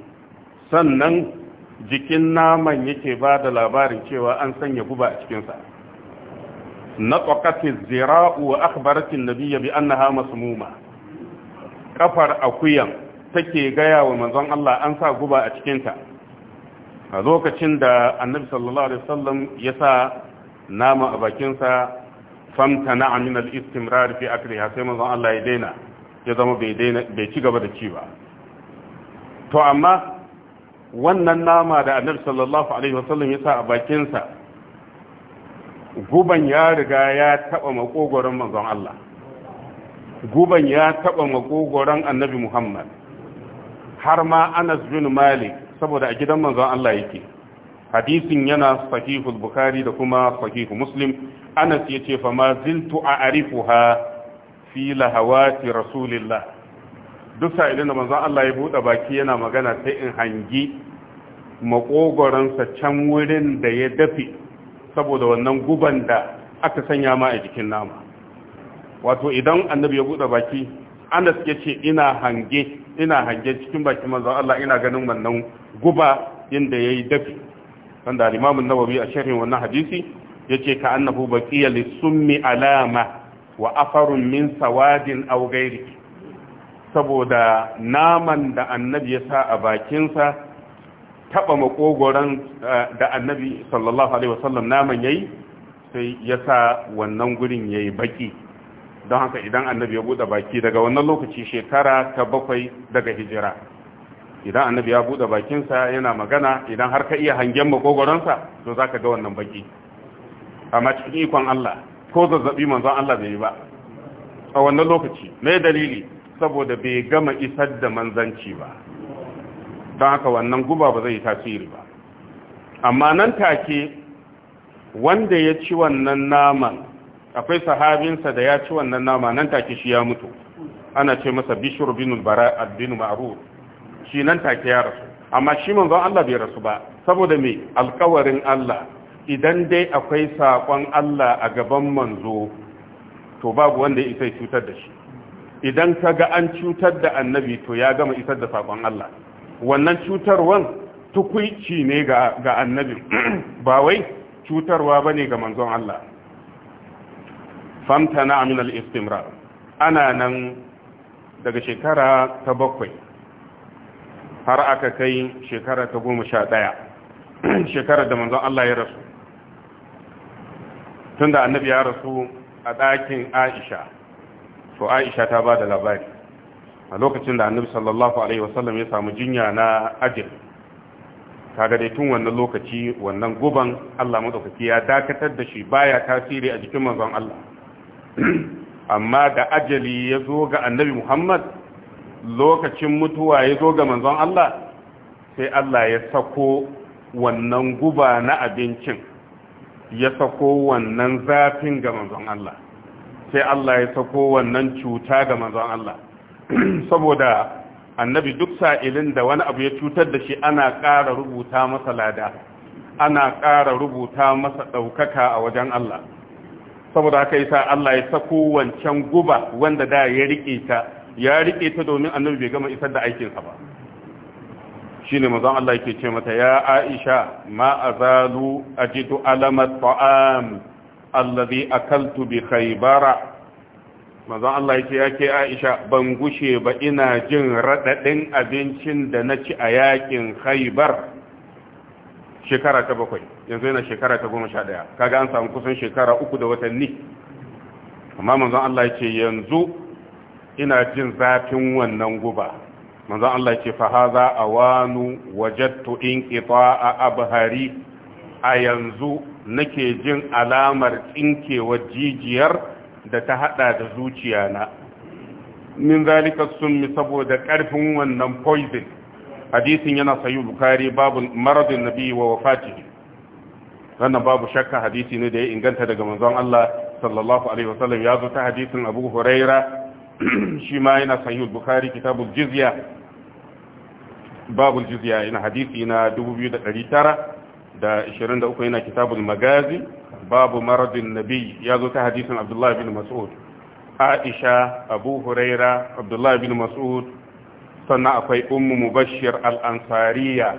Speaker 1: sannan jikin naman yake ba da labarin cewa an sanya guba a cikinsa na tsokafin zira'u wa akbaratin nabiya bi annaha masmuma kafar akuyan take gaya wa manzon Allah an sa guba a cikinta a lokacin da annabi sallallahu alaihi wasallam ya sa nama a bakinsa famtana min al-istimrar fi ha sai manzon Allah ya daina ya zama bai daina ci gaba da ci ba to amma wannan nama da annabi sallallahu alaihi wasallam ya sa a bakinsa guban ya riga ya taba makogoron manzon Allah guban ya taba makogoron annabi Muhammad har ma Anas bin Malik saboda a gidan manzon Allah yake hadisin yana sahihu bukhari da kuma sahihu muslim anas yace fa ma ziltu a'rifuha fi lahawati rasulillah duk sai da manzon Allah ya bude baki yana magana sai in hangi sa can wurin da ya dafi saboda wannan guban da aka sanya ma a jikin nama wato idan annabi ya bude baki Anas yace ina hange ina hange cikin bakin manzon Allah ina ganin wannan guba inda yayi dafi wanda al-Imam nawawi a sharhin wannan hadisi yace ka annahu baqiya lisummi alama wa afarun min sawadin aw saboda naman da annabi ya sa a bakinsa taba makogoran eh, da annabi sallallahu alaihi wasallam naman yayi sai ya sa wannan gurin yayi baki don haka idan annabi ya bude baki daga wannan lokaci shekara ta bakwai daga hijira idan annabi ya bude bakinsa yana magana idan har ka iya hangen makogoronsa to za ka ga wannan baki amma cikin ikon Allah ko zazzabi manzon Allah bai yi ba a wannan lokaci mai dalili saboda bai gama isar da manzanci ba don haka wannan guba ba zai yi tasiri ba amma nan take wanda ya ci wannan naman akwai sahabinsa da ya ci wannan nama nan take shi ya mutu ana ce masa bishir bin bara addinu ma'ruf shi nan take ya rasu amma shi manzon Allah bai rasu ba saboda me alkawarin Allah idan dai akwai sakon Allah a gaban manzo to babu wanda ya isa cutar da shi idan ka ga an cutar da annabi to ya gama isar da sakon Allah wannan cutarwan tukuici ne ga annabi ba wai cutarwa bane ga manzon Allah famtana min al-istimrar ana nan daga shekara ta bakwai har aka kai shekara ta goma sha ɗaya shekara da manzon Allah ya rasu tun da annabi ya rasu a ɗakin aisha to aisha ta ba da labari a lokacin da annabi sallallahu alaihi wasallam ya samu jinya na ajin Ta gade tun wannan lokaci wannan guban Allah maɗaukaki ya dakatar da shi baya tasiri a jikin manzon Allah amma da ajali ya zo ga annabi Muhammad lokacin mutuwa ya zo ga manzon Allah sai Allah ya sako wannan guba na abincin ya sako wannan zafin ga manzon Allah sai Allah ya sako wannan cuta ga manzon Allah saboda annabi duk sa'ilin da wani abu ya cutar da shi ana ƙara rubuta masa lada ana ƙara rubuta masa ɗaukaka a wajen Allah saboda haka sa, Allah ya sako wancan guba wanda da ya riƙe ta ya rike ta domin annabi bai gama isar da aikinsa ba shine manzon Allah yake ce mata ya Aisha ma azalu ajidu alamat ta'am alladhi akaltu bi haibara. manzon Allah yake ke Aisha ban gushe ba ina jin radadin abincin da naci a yakin haibar. shekara ta bakwai yanzu yana shekara ta goma sha kaga an samu kusan shekara uku da watanni amma manzon Allah yake yanzu ina jin zafin wannan guba manzon Allah ce fa haza awanu wajadtu inqita'a abhari a yanzu nake jin alamar tsinkewar jijiyar da ta hada da zuciya na min zalika summi saboda karfin wannan poison hadisin yana sayu bukari babu maradin nabi wa wafatihi wannan babu shakka hadisi ne da ya inganta daga manzon Allah sallallahu alaihi wasallam ya zo ta hadisin Abu Huraira shi ma yana sahih bukhari kitabul jizya babul jizya yana hadisi na da 2923 yana kitabun magazi babu maradin nabi ya zo ta hadisin abdullahi bin mas'ud aisha abu huraira abdullahi bin mas'ud sannan akwai ummu mubashir al-ansariya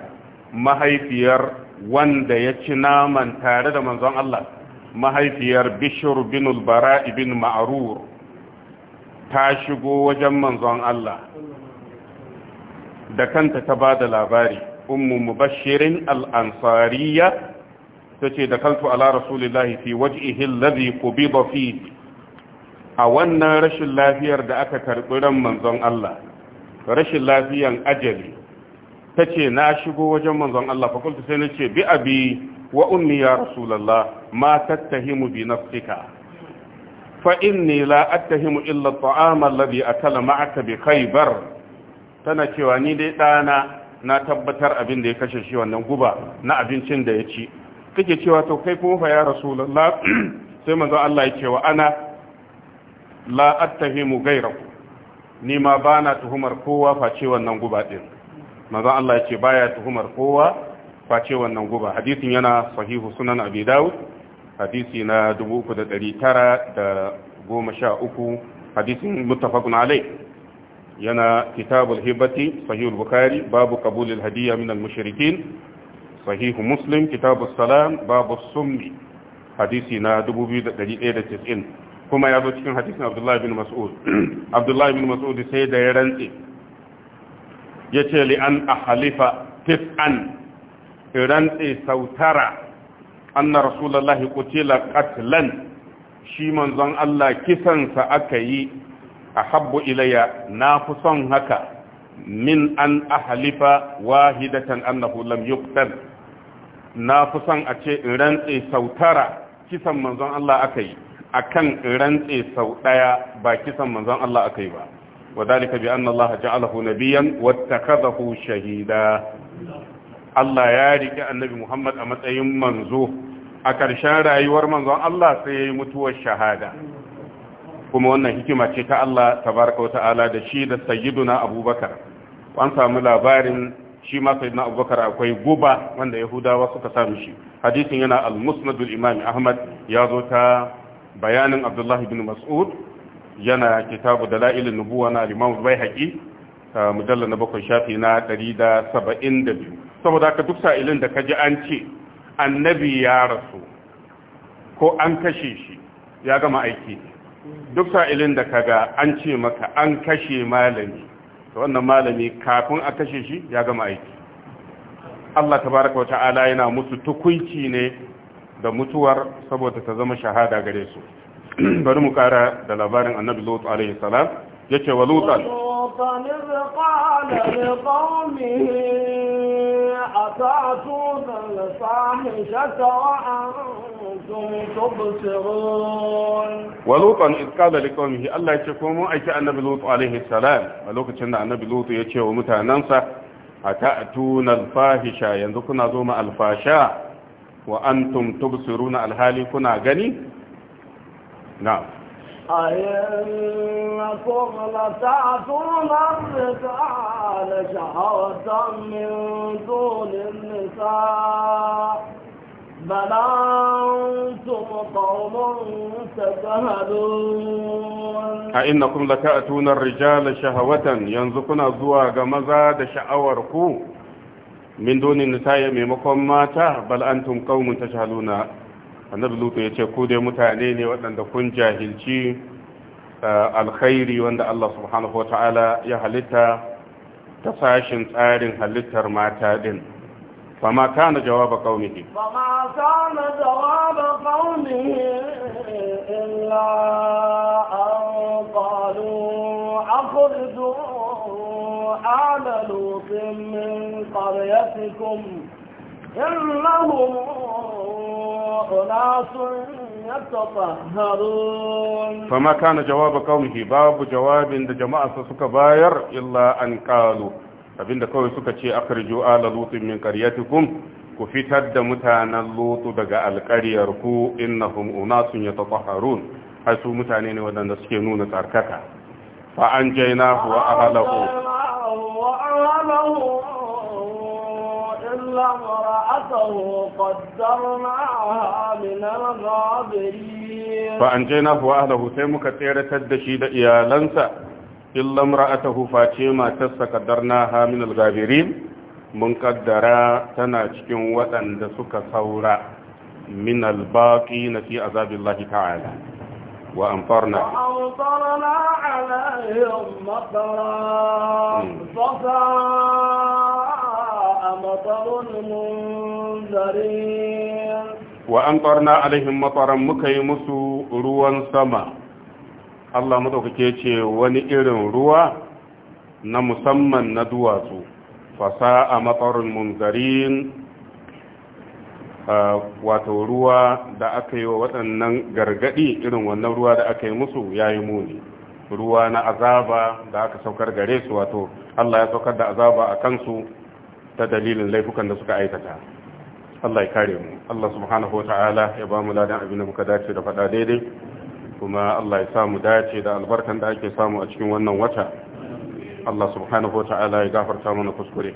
Speaker 1: mahaifiyar wanda ya ci naman tare da manzon Allah mahaifiyar bishir bin al-bara ibn ma'rur ta shigo wajen manzon Allah da kanta ta ba da labari ummu mubashirin al'ansariya ta ce da kaltu ala rasulillahi fi waj'ihi Lazi, qubida fi a wannan rashin lafiyar da aka karɓi ran manzon Allah rashin lafiyan ajali ta ce na shigo wajen manzon Allah fakultu sai na ce bi abi wa ummi ya rasulallah ma tattahimu bi nafsika fa'in ne la attahimu illa a alladhi akala ma'aka kai bar tana cewa ni dai dana na tabbatar abin da ya kashe shi wannan guba na abincin da ya ci kake cewa to kai kuma fa ya rasulullah sai manzo Allah ya ce wa ana la'attahimu attahimu ni ma na tuhumar kowa face wannan guba din manzo Allah ya ce baya tuhumar kowa face wannan guba hadisin yana sahihu sunan abi daud hadisi na 3913 hadisin muttafaqun alai yana kitabul hibati sahihul bukhari babu qabulil hadiyya min al mushrikin sahihu muslim kitabus salam babu summi hadisi na 2190 kuma ya zo cikin hadisin abdullahi bin mas'ud abdullahi bin mas'ud sai da ya rantse yace li an ahlifa tis'an rantse tara. anna rasulullahi kutila katlan shi manzon Allah kisansa aka yi ahabbu ilayya na fi son haka min an ahalifa wahidatan annahu lam yuqtal na fi son a ce in rantse sau tara kisan manzon Allah aka yi akan rantse sau ɗaya ba kisan manzon Allah aka yi ba وذلك بأن الله جعله نبيا واتخذه shahida. Allah ya riƙe annabi Muhammad a matsayin manzo a ƙarshen rayuwar manzon Allah sai ya yi mutuwar shahada kuma wannan hikima ce ta Allah tabaraka wa ta'ala da shi da sayyiduna abubakar an samu labarin shi ma sayyiduna abubakar akwai guba wanda yahudawa suka samu shi hadisin yana al-musnadul imam ahmad ya zo ta bayanin abdullahi bin mas'ud yana kitabu dalailin nubuwa na al-imam baihaqi mujallal na bakwai shafi na 172 saboda haka duk sa'ilin da kaji an ce annabi ya rasu ko an kashe shi ya gama aiki duk sa'ilin da kaga an ce maka an kashe malami to wannan malami kafin a kashe shi ya gama aiki Allah tabaraka ala yana musu tukunci ne da mutuwar saboda ta zama shahada gare su bari mu kara da labarin annabi lutu alaihi salam yace wa
Speaker 2: إذ قال لقومه أتعتون الفاحشة وأنتم تبصرون
Speaker 1: ولوطا إذ قال لقومه الله يتكوموا أيك النبي لوط عليه السلام ولوك تشنع النبي لوط يتشي ومتاننسى أتأتون الفاحشة ينذكنا دوم الفاشا وأنتم تبصرون الهالي كنا غني نعم
Speaker 2: أئنكم لتعتون الرجال شهوة من دون النساء بل أنتم قوم تجهلون
Speaker 1: أئنكم لتأتون الرجال شهوة ينزقنا زواج مزاد شعوركم من دون النساء من مقام ماتا بل أنتم قوم تجهلون annabi lutu ya ce ku dai mutane ne waɗanda kun jahilci alkhairi wanda Allah subhanahu wata'ala ya halitta ta sashin tsarin halittar mata din فما كان جواب قومه
Speaker 2: فما كان جواب قومه إلا أن قالوا أخرجوا آل لوط من قريتكم إنهم أناس يتطهرون فما
Speaker 1: كان جواب قومه باب جواب عند جماعة سكا باير إلا أن قالوا abinda kawai suka ce akhriju ala lutin min qaryatikum ku fitar da mutanen lutu daga alƙaryar ku innahum unasun yatatahharun ai su mutane ne waɗanda suke nuna tsarkaka fa an jaina wa ahlahu
Speaker 2: wa ahlahu illa امرأته قدرناها من الغابرين
Speaker 1: فأنجيناه وأهله سيمك تيرة الدشيد يا لنسى إلا امرأته فاتيما تسى قدرناها من الغابرين من قدرا تناشكين وأن دسك ثورا من الباقين في عذاب الله تعالى وأمطرنا
Speaker 2: وأمطرنا عليهم مطرا فساء مطر المنذرين
Speaker 1: وأمطرنا عليهم مطرا مكيمس روى سما Allah madaukake ce wani irin ruwa na musamman na duwatsu fasa a matsarin munzarin wato ruwa da aka yi wa waɗannan gargaɗi irin wannan ruwa da aka yi musu ya yi muni ruwa na azaba da aka saukar gare su wato Allah ya saukar da azaba a kansu ta dalilin laifukan da suka aikata Allah ya kare mu Allah subhanahu wa ta'ala ya ba mu ladan abin da muka dace da faɗa daidai kuma Allah ya sa mu dace da albarkan da ake samu a cikin wannan wata Allah subhanahu wa ta'ala ya gafarta mana kuskure